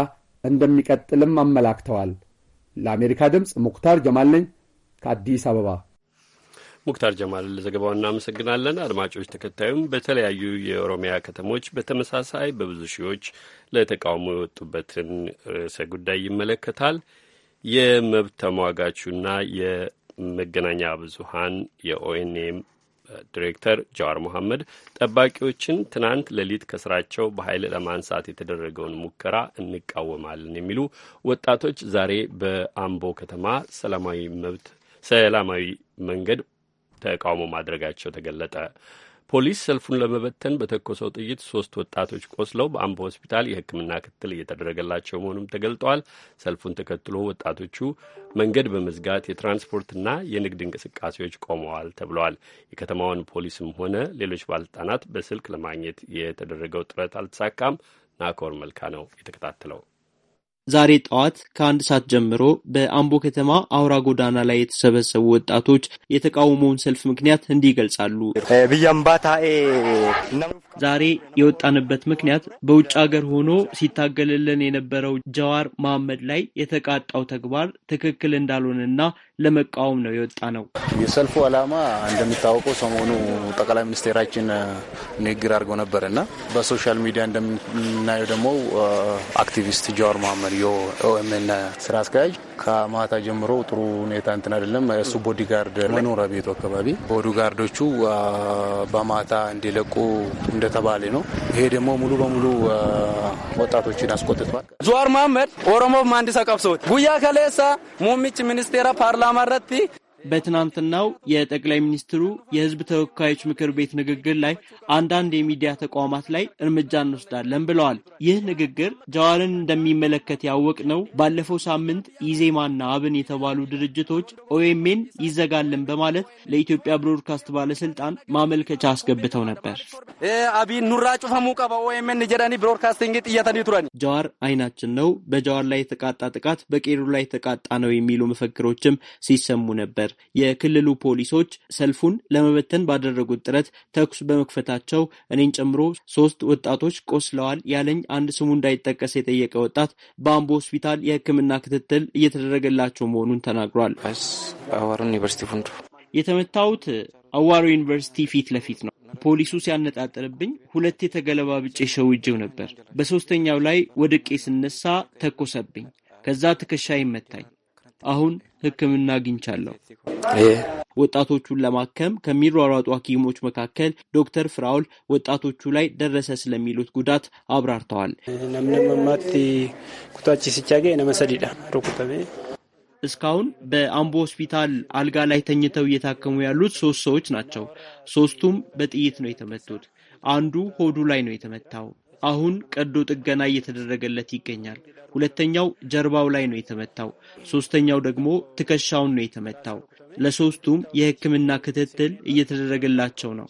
እንደሚቀጥልም አመላክተዋል። ለአሜሪካ ድምፅ ሙክታር ጀማል ነኝ ከአዲስ አበባ ሙክታር ጀማል ለዘገባው እናመሰግናለን። አድማጮች፣ ተከታዩም በተለያዩ የኦሮሚያ ከተሞች በተመሳሳይ በብዙ ሺዎች ለተቃውሞ የወጡበትን ርዕሰ ጉዳይ ይመለከታል። የመብት ተሟጋቹና የመገናኛ ብዙሃን የኦኤንኤም ዲሬክተር ጃዋር መሐመድ ጠባቂዎችን ትናንት ሌሊት ከስራቸው በኃይል ለማንሳት የተደረገውን ሙከራ እንቃወማለን የሚሉ ወጣቶች ዛሬ በአምቦ ከተማ ሰላማዊ መብት ሰላማዊ መንገድ ተቃውሞ ማድረጋቸው ተገለጠ። ፖሊስ ሰልፉን ለመበተን በተኮሰው ጥይት ሶስት ወጣቶች ቆስለው በአምቦ ሆስፒታል የሕክምና ክትል እየተደረገላቸው መሆኑም ተገልጧል። ሰልፉን ተከትሎ ወጣቶቹ መንገድ በመዝጋት የትራንስፖርትና የንግድ እንቅስቃሴዎች ቆመዋል ተብለዋል። የከተማውን ፖሊስም ሆነ ሌሎች ባለስልጣናት በስልክ ለማግኘት የተደረገው ጥረት አልተሳካም። ናኮር መልካ ነው የተከታተለው። ዛሬ ጠዋት ከአንድ ሰዓት ጀምሮ በአምቦ ከተማ አውራ ጎዳና ላይ የተሰበሰቡ ወጣቶች የተቃውሞውን ሰልፍ ምክንያት እንዲህ ይገልጻሉ። ዛሬ የወጣንበት ምክንያት በውጭ ሀገር ሆኖ ሲታገልልን የነበረው ጀዋር መሐመድ ላይ የተቃጣው ተግባር ትክክል እንዳልሆነና ለመቃወም ነው የወጣ ነው። የሰልፉ ዓላማ እንደሚታወቀው ሰሞኑ ጠቅላይ ሚኒስቴራችን ንግግር አድርገው ነበር እና በሶሻል ሚዲያ እንደምናየው ደግሞ አክቲቪስት ጃዋር መሀመድ የኦኤምኤን ስራ አስኪያጅ ከማታ ጀምሮ ጥሩ ሁኔታ እንትን አይደለም። እሱ ቦዲጋርድ መኖሪያ ቤቱ አካባቢ ቦዲጋርዶቹ በማታ እንዲለቁ እንደተባለ ነው። ይሄ ደግሞ ሙሉ በሙሉ ወጣቶችን አስቆጥቷል። ዙዋር መሀመድ ኦሮሞ ማንዲሳ ቀብሶት ጉያ ከሌሳ ሙሚች ሚኒስቴራ ፓርላማ ረቲ በትናንትናው የጠቅላይ ሚኒስትሩ የህዝብ ተወካዮች ምክር ቤት ንግግር ላይ አንዳንድ የሚዲያ ተቋማት ላይ እርምጃ እንወስዳለን ብለዋል። ይህ ንግግር ጀዋርን እንደሚመለከት ያወቅ ነው ባለፈው ሳምንት ኢዜማና አብን የተባሉ ድርጅቶች ኦኤምኤን ይዘጋልን በማለት ለኢትዮጵያ ብሮድካስት ባለስልጣን ማመልከቻ አስገብተው ነበር። አብን ኑራ ጩፈሙ ቀባ ኦኤምኤን ብሮድካስቲንግ ጥያተን ይቱረኒ ጀዋር አይናችን ነው፣ በጀዋር ላይ የተቃጣ ጥቃት በቄሩ ላይ የተቃጣ ነው የሚሉ መፈክሮችም ሲሰሙ ነበር። ነበር። የክልሉ ፖሊሶች ሰልፉን ለመበተን ባደረጉት ጥረት ተኩስ በመክፈታቸው እኔን ጨምሮ ሶስት ወጣቶች ቆስለዋል ያለኝ አንድ ስሙ እንዳይጠቀስ የጠየቀ ወጣት በአምቦ ሆስፒታል የሕክምና ክትትል እየተደረገላቸው መሆኑን ተናግሯል። የተመታሁት አዋሮ ዩኒቨርሲቲ ፊት ለፊት ነው። ፖሊሱ ሁለት የተገለባ ብጭ ሸውጄው ነበር። በሶስተኛው ላይ ወድቄ ስነሳ ተኮሰብኝ። ከዛ ትከሻ ይመታኝ። አሁን ሕክምና አግኝቻለሁ። ወጣቶቹን ለማከም ከሚሯሯጡ ሐኪሞች መካከል ዶክተር ፍራውል ወጣቶቹ ላይ ደረሰ ስለሚሉት ጉዳት አብራርተዋል። እስካሁን በአምቦ ሆስፒታል አልጋ ላይ ተኝተው እየታከሙ ያሉት ሶስት ሰዎች ናቸው። ሶስቱም በጥይት ነው የተመቱት። አንዱ ሆዱ ላይ ነው የተመታው። አሁን ቀዶ ጥገና እየተደረገለት ይገኛል። ሁለተኛው ጀርባው ላይ ነው የተመታው። ሶስተኛው ደግሞ ትከሻውን ነው የተመታው። ለሶስቱም የሕክምና ክትትል እየተደረገላቸው ነው።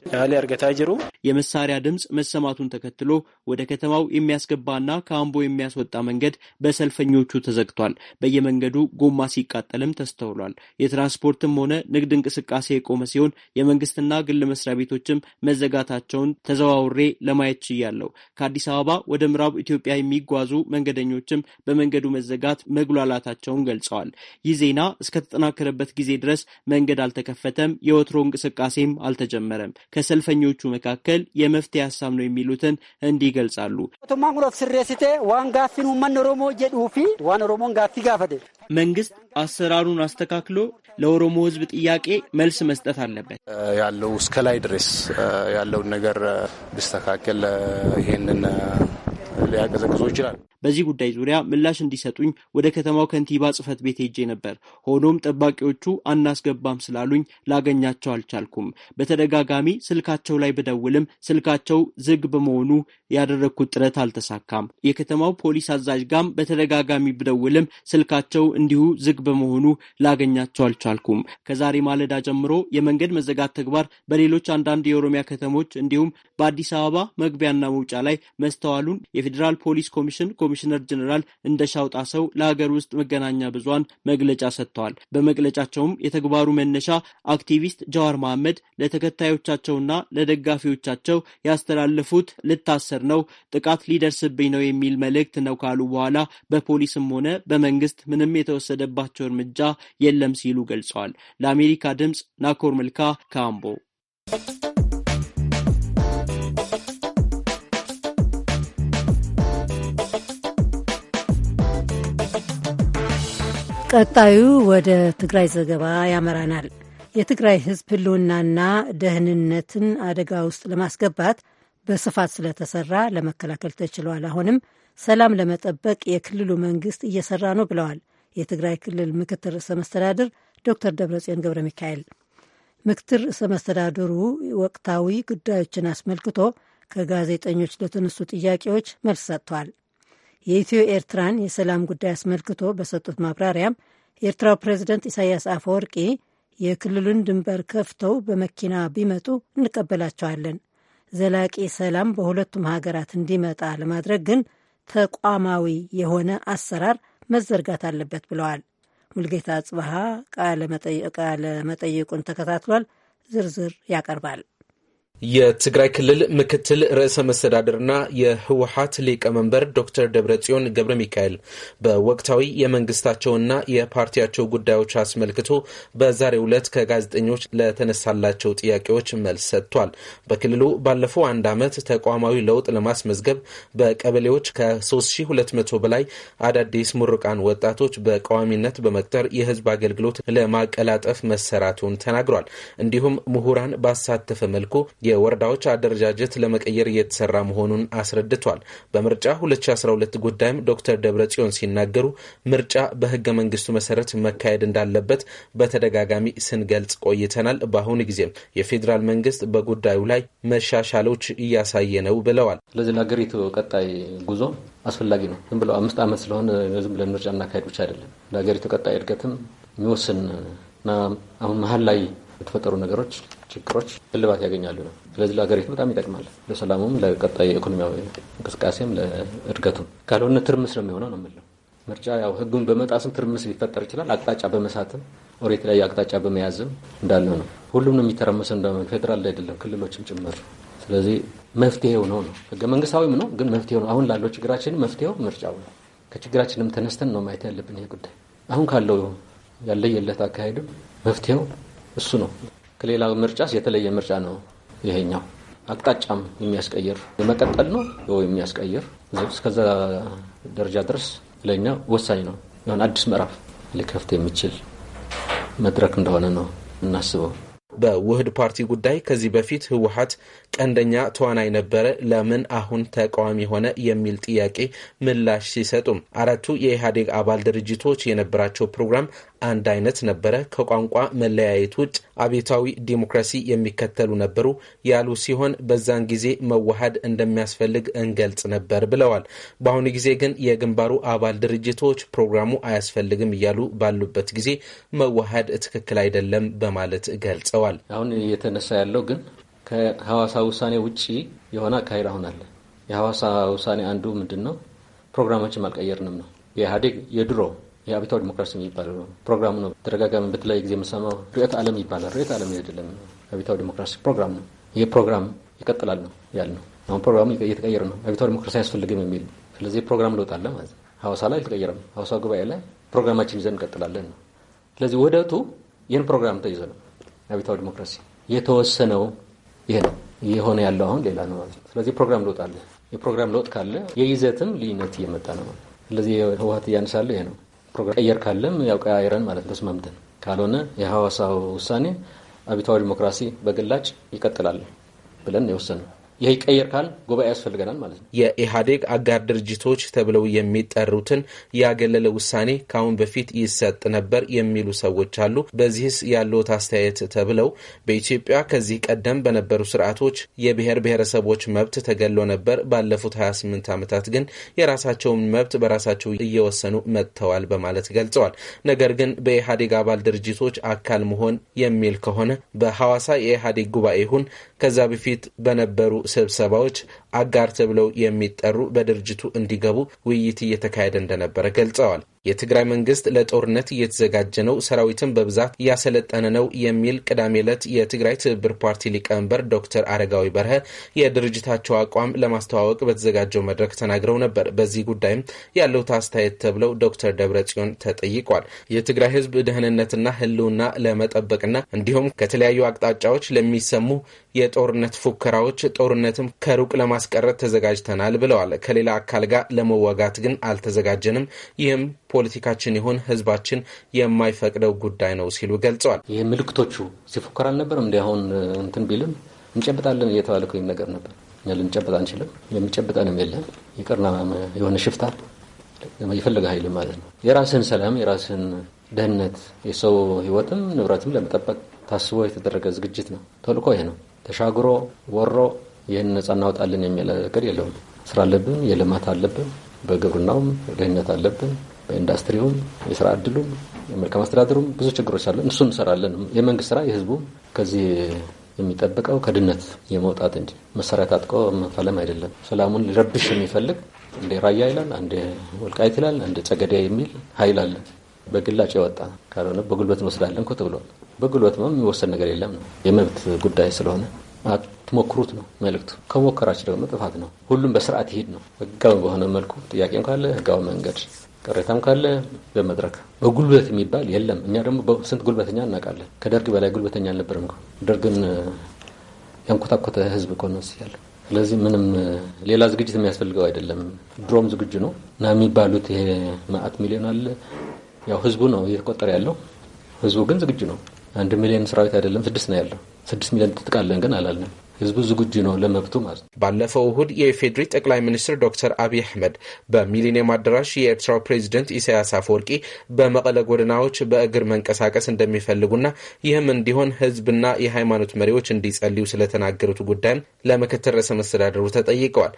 የመሳሪያ ድምፅ መሰማቱን ተከትሎ ወደ ከተማው የሚያስገባና ከአምቦ የሚያስወጣ መንገድ በሰልፈኞቹ ተዘግቷል። በየመንገዱ ጎማ ሲቃጠልም ተስተውሏል። የትራንስፖርትም ሆነ ንግድ እንቅስቃሴ የቆመ ሲሆን የመንግስትና ግል መስሪያ ቤቶችም መዘጋታቸውን ተዘዋውሬ ለማየት ችያለሁ። ከአዲስ አበባ ወደ ምዕራብ ኢትዮጵያ የሚጓዙ መንገደኞችም በመንገዱ መዘጋት መጉላላታቸውን ገልጸዋል። ይህ ዜና እስከተጠናከረበት ጊዜ ድረስ መንገድ አልተከፈተም፣ የወትሮ እንቅስቃሴም አልተጀመረም። ከሰልፈኞቹ መካከል የመፍትሄ ሀሳብ ነው የሚሉትን እንዲህ ይገልጻሉ። መንግስት አሰራሩን አስተካክሎ ለኦሮሞ ህዝብ ጥያቄ መልስ መስጠት አለበት። ያለው እስከ ላይ ድረስ ያለውን ነገር ቢስተካከል ይሄንን ሊያቀዘቅዞ ይችላል። በዚህ ጉዳይ ዙሪያ ምላሽ እንዲሰጡኝ ወደ ከተማው ከንቲባ ጽህፈት ቤት ሄጄ ነበር። ሆኖም ጠባቂዎቹ አናስገባም ስላሉኝ ላገኛቸው አልቻልኩም። በተደጋጋሚ ስልካቸው ላይ ብደውልም ስልካቸው ዝግ በመሆኑ ያደረግኩት ጥረት አልተሳካም። የከተማው ፖሊስ አዛዥ ጋም በተደጋጋሚ ብደውልም ስልካቸው እንዲሁ ዝግ በመሆኑ ላገኛቸው አልቻልኩም። ከዛሬ ማለዳ ጀምሮ የመንገድ መዘጋት ተግባር በሌሎች አንዳንድ የኦሮሚያ ከተሞች እንዲሁም በአዲስ አበባ መግቢያና መውጫ ላይ መስተዋሉን የፌዴራል ፖሊስ ኮሚሽን ኮሚሽነር ጀኔራል እንደሻው ጣሰው ለሀገር ውስጥ መገናኛ ብዙሃን መግለጫ ሰጥተዋል። በመግለጫቸውም የተግባሩ መነሻ አክቲቪስት ጀዋር መሐመድ ለተከታዮቻቸውና ለደጋፊዎቻቸው ያስተላለፉት ልታሰር ነው፣ ጥቃት ሊደርስብኝ ነው የሚል መልእክት ነው ካሉ በኋላ በፖሊስም ሆነ በመንግስት ምንም የተወሰደባቸው እርምጃ የለም ሲሉ ገልጸዋል። ለአሜሪካ ድምፅ ናኮር መልካ ካምቦ ቀጣዩ ወደ ትግራይ ዘገባ ያመራናል። የትግራይ ሕዝብ ህልውናና ደህንነትን አደጋ ውስጥ ለማስገባት በስፋት ስለተሰራ ለመከላከል ተችሏል። አሁንም ሰላም ለመጠበቅ የክልሉ መንግስት እየሰራ ነው ብለዋል የትግራይ ክልል ምክትል ርዕሰ መስተዳድር ዶክተር ደብረጽዮን ገብረ ሚካኤል። ምክትል ርዕሰ መስተዳድሩ ወቅታዊ ጉዳዮችን አስመልክቶ ከጋዜጠኞች ለተነሱ ጥያቄዎች መልስ ሰጥቷል። የኢትዮ ኤርትራን የሰላም ጉዳይ አስመልክቶ በሰጡት ማብራሪያም የኤርትራው ፕሬዚደንት ኢሳያስ አፈወርቂ የክልሉን ድንበር ከፍተው በመኪና ቢመጡ እንቀበላቸዋለን። ዘላቂ ሰላም በሁለቱም ሀገራት እንዲመጣ ለማድረግ ግን ተቋማዊ የሆነ አሰራር መዘርጋት አለበት ብለዋል። ሙልጌታ ጽብሃ ቃለ ተከታትሏል። ዝርዝር ያቀርባል። የትግራይ ክልል ምክትል ርዕሰ መስተዳድርና የህወሀት ሊቀመንበር ዶክተር ደብረጽዮን ገብረ ሚካኤል በወቅታዊ የመንግስታቸውና የፓርቲያቸው ጉዳዮች አስመልክቶ በዛሬው ዕለት ከጋዜጠኞች ለተነሳላቸው ጥያቄዎች መልስ ሰጥቷል። በክልሉ ባለፈው አንድ ዓመት ተቋማዊ ለውጥ ለማስመዝገብ በቀበሌዎች ከ3200 በላይ አዳዲስ ምሩቃን ወጣቶች በቋሚነት በመቅጠር የህዝብ አገልግሎት ለማቀላጠፍ መሰራቱን ተናግሯል። እንዲሁም ምሁራን ባሳተፈ መልኩ የወረዳዎች አደረጃጀት ለመቀየር እየተሰራ መሆኑን አስረድቷል። በምርጫ 2012 ጉዳይም ዶክተር ደብረ ጽዮን ሲናገሩ ምርጫ በህገ መንግስቱ መሰረት መካሄድ እንዳለበት በተደጋጋሚ ስንገልጽ ቆይተናል። በአሁኑ ጊዜም የፌዴራል መንግስት በጉዳዩ ላይ መሻሻሎች እያሳየ ነው ብለዋል። ስለዚህ ለሀገሪቱ ቀጣይ ጉዞ አስፈላጊ ነው። ዝም ብለው አምስት ዓመት ስለሆነ ዝም ብለን ምርጫ እናካሄድ ብቻ አይደለም። ለሀገሪቱ ቀጣይ እድገትም የሚወስን እና አሁን መሀል ላይ የተፈጠሩ ነገሮች ችግሮች እልባት ያገኛሉ ነው። ስለዚህ ለሀገሪቱ በጣም ይጠቅማል፣ ለሰላሙም፣ ለቀጣይ የኢኮኖሚያዊ እንቅስቃሴም፣ ለእድገቱም። ካልሆነ ትርምስ ነው የሚሆነው ነው የምለው። ምርጫ ያው ህጉን በመጣስም ትርምስ ሊፈጠር ይችላል። አቅጣጫ በመሳትም ኦሬት ላይ አቅጣጫ በመያዝም እንዳለ ነው። ሁሉም ነው የሚተረመሰ ፌዴራል ላይ አይደለም ክልሎችም ጭምር። ስለዚህ መፍትሄው ነው ነው ህገ መንግስታዊም ነው ግን መፍትሄው ነው። አሁን ላለው ችግራችን መፍትሄው ምርጫው ነው። ከችግራችንም ተነስተን ነው ማየት ያለብን ይሄ ጉዳይ አሁን ካለው ያለየለት አካሄድም መፍትሄው እሱ ነው። ከሌላው ምርጫስ የተለየ ምርጫ ነው ይሄኛው። አቅጣጫም የሚያስቀይር የመቀጠል ነው ወይ የሚያስቀይር እስከዛ ደረጃ ድረስ ለእኛ ወሳኝ ነው። የሆነ አዲስ ምዕራፍ ሊከፍት የሚችል መድረክ እንደሆነ ነው እናስበው። በውህድ ፓርቲ ጉዳይ ከዚህ በፊት ህወሀት ቀንደኛ ተዋናይ ነበረ፣ ለምን አሁን ተቃዋሚ ሆነ? የሚል ጥያቄ ምላሽ ሲሰጡም አራቱ የኢህአዴግ አባል ድርጅቶች የነበራቸው ፕሮግራም አንድ አይነት ነበረ፣ ከቋንቋ መለያየት ውጭ አቤታዊ ዲሞክራሲ የሚከተሉ ነበሩ ያሉ ሲሆን በዛን ጊዜ መዋሃድ እንደሚያስፈልግ እንገልጽ ነበር ብለዋል። በአሁኑ ጊዜ ግን የግንባሩ አባል ድርጅቶች ፕሮግራሙ አያስፈልግም እያሉ ባሉበት ጊዜ መዋሃድ ትክክል አይደለም በማለት ገልጸዋል። ተናግረዋል። አሁን እየተነሳ ያለው ግን ከሐዋሳ ውሳኔ ውጭ የሆነ አካሄድ አሁን አለ። የሐዋሳ ውሳኔ አንዱ ምንድን ነው? ፕሮግራማችን አልቀየርንም ነው። የኢህአዴግ የድሮ የአብዮታዊ ዲሞክራሲ የሚባል ፕሮግራም ነው። ተደጋጋሚ በተለያየ ጊዜ የምሰማው ርዕዮተ ዓለም ይባላል። ርዕዮተ ዓለም አይደለም፣ አብዮታዊ ዲሞክራሲ ፕሮግራም ነው። ይህ ፕሮግራም ይቀጥላል ነው ያልነው። አሁን ፕሮግራሙ እየተቀየረ ነው። አብዮታዊ ዲሞክራሲ አያስፈልግም የሚል ስለዚህ ፕሮግራም ለውጥ አለ ማለት ነው። ሐዋሳ ላይ አልተቀየረም። ሐዋሳ ጉባኤ ላይ ፕሮግራማችን ይዘን እንቀጥላለን ነው። ስለዚህ ውህደቱ ይህን ፕሮግራም ተይዘ ነው አብዮታዊ ዲሞክራሲ የተወሰነው ይሄ ነው። የሆነ ያለው አሁን ሌላ ነው ማለት ነው። ስለዚህ ፕሮግራም ለውጥ አለ። የፕሮግራም ለውጥ ካለ የይዘትም ልዩነት እየመጣ ነው ማለት ነው። ስለዚህ ህወሀት እያነሳለ ይሄ ነው። ፕሮግራም ቀየር ካለም ያው ቀያይረን ማለት ነው ተስማምተን፣ ካልሆነ የሐዋሳው ውሳኔ አብዮታዊ ዲሞክራሲ በግላጭ ይቀጥላል ብለን የወሰነው ይህ ይቀየር ካል ጉባኤ ያስፈልገናል ማለት ነው። የኢህአዴግ አጋር ድርጅቶች ተብለው የሚጠሩትን ያገለለ ውሳኔ ከአሁን በፊት ይሰጥ ነበር የሚሉ ሰዎች አሉ። በዚህስ ያለውት አስተያየት? ተብለው በኢትዮጵያ ከዚህ ቀደም በነበሩ ስርዓቶች የብሔር ብሔረሰቦች መብት ተገሎ ነበር። ባለፉት 28 ዓመታት ግን የራሳቸውን መብት በራሳቸው እየወሰኑ መጥተዋል በማለት ገልጸዋል። ነገር ግን በኢህአዴግ አባል ድርጅቶች አካል መሆን የሚል ከሆነ በሐዋሳ የኢህአዴግ ጉባኤ ይሁን ከዛ በፊት በነበሩ ስብሰባዎች አጋር ተብለው የሚጠሩ በድርጅቱ እንዲገቡ ውይይት እየተካሄደ እንደነበረ ገልጸዋል። የትግራይ መንግስት ለጦርነት እየተዘጋጀ ነው፣ ሰራዊትን በብዛት እያሰለጠነ ነው የሚል ቅዳሜ ዕለት የትግራይ ትብብር ፓርቲ ሊቀመንበር ዶክተር አረጋዊ በርሀ የድርጅታቸው አቋም ለማስተዋወቅ በተዘጋጀው መድረክ ተናግረው ነበር። በዚህ ጉዳይም ያለውት አስተያየት ተብለው ዶክተር ደብረ ጽዮን ተጠይቋል። የትግራይ ህዝብ ደህንነትና ህልውና ለመጠበቅና እንዲሁም ከተለያዩ አቅጣጫዎች ለሚሰሙ የጦርነት ፉከራዎች ጦርነትም ከሩቅ ለማስቀረት ተዘጋጅተናል ብለዋል። ከሌላ አካል ጋር ለመዋጋት ግን አልተዘጋጀንም። ይህም ፖለቲካችን ይሁን ህዝባችን የማይፈቅደው ጉዳይ ነው ሲሉ ገልጸዋል። ይህ ምልክቶቹ ሲፎከር አልነበርም እንዲ አሁን እንትን ቢልም እንጨብጣለን እየተባለ ነገር ነበር። ልንጨብጥ አንችልም፣ የሚጨብጠንም የለም። ይቅርና የሆነ ሽፍታ የፈለገ ኃይል ማለት ነው። የራስህን ሰላም የራስህን ደህንነት የሰው ህይወትም ንብረትም ለመጠበቅ ታስቦ የተደረገ ዝግጅት ነው። ተልእኮ ይሄ ነው። ተሻግሮ ወሮ ይህን ነጻ እናወጣለን የሚል ነገር የለውም። ስራ አለብን፣ የልማት አለብን፣ በግብርናውም ደህንነት አለብን፣ በኢንዱስትሪውም የስራ እድሉም የመልካም አስተዳደሩም ብዙ ችግሮች አሉ። እሱ እንሰራለን። የመንግስት ስራ የህዝቡ ከዚህ የሚጠብቀው ከድነት የመውጣት እንጂ መሳሪያ ታጥቆ መፈለም አይደለም። ሰላሙን ሊረብሽ የሚፈልግ እንደ ራያ ይላል፣ እንደ ወልቃይት ይላል፣ እንደ ጸገዳ የሚል ሀይል አለ። በግላጭ የወጣ ካልሆነ በጉልበት እንወስዳለን ኮት ብሏል። በጉልበት የሚወሰድ ነገር የለም ነው የመብት ጉዳይ ስለሆነ አትሞክሩት ነው መልእክቱ። ከሞከራችሁ ደግሞ ጥፋት ነው። ሁሉም በስርዓት ይሄድ ነው። ህጋዊ በሆነ መልኩ ጥያቄ እንኳ አለ ህጋዊ መንገድ ቅሬታም ካለ በመድረክ በጉልበት የሚባል የለም። እኛ ደግሞ ስንት ጉልበተኛ እናውቃለን። ከደርግ በላይ ጉልበተኛ አልነበረም። ደርግን ያንኮታኮተ ህዝብ እኮ ያለ። ስለዚህ ምንም ሌላ ዝግጅት የሚያስፈልገው አይደለም። ድሮም ዝግጁ ነው እና የሚባሉት ይሄ ማአት ሚሊዮን አለ ያው ህዝቡ ነው እየተቆጠረ ያለው። ህዝቡ ግን ዝግጁ ነው። አንድ ሚሊዮን ሰራዊት አይደለም ስድስት ነው ያለው። ስድስት ሚሊዮን ትጥቃለን ግን አላለም። ህዝቡ ዝግጁ ነው ለመብቱ ማለት ነው። ባለፈው እሁድ የኢፌዴሪ ጠቅላይ ሚኒስትር ዶክተር አብይ አህመድ በሚሊኒየም አዳራሽ የኤርትራው ፕሬዚደንት ኢሳያስ አፈወርቂ በመቀለ ጎደናዎች በእግር መንቀሳቀስ እንደሚፈልጉና ይህም እንዲሆን ህዝብና የሃይማኖት መሪዎች እንዲጸልዩ ስለተናገሩት ጉዳይም ለምክትል ርዕሰ መስተዳደሩ ተጠይቀዋል።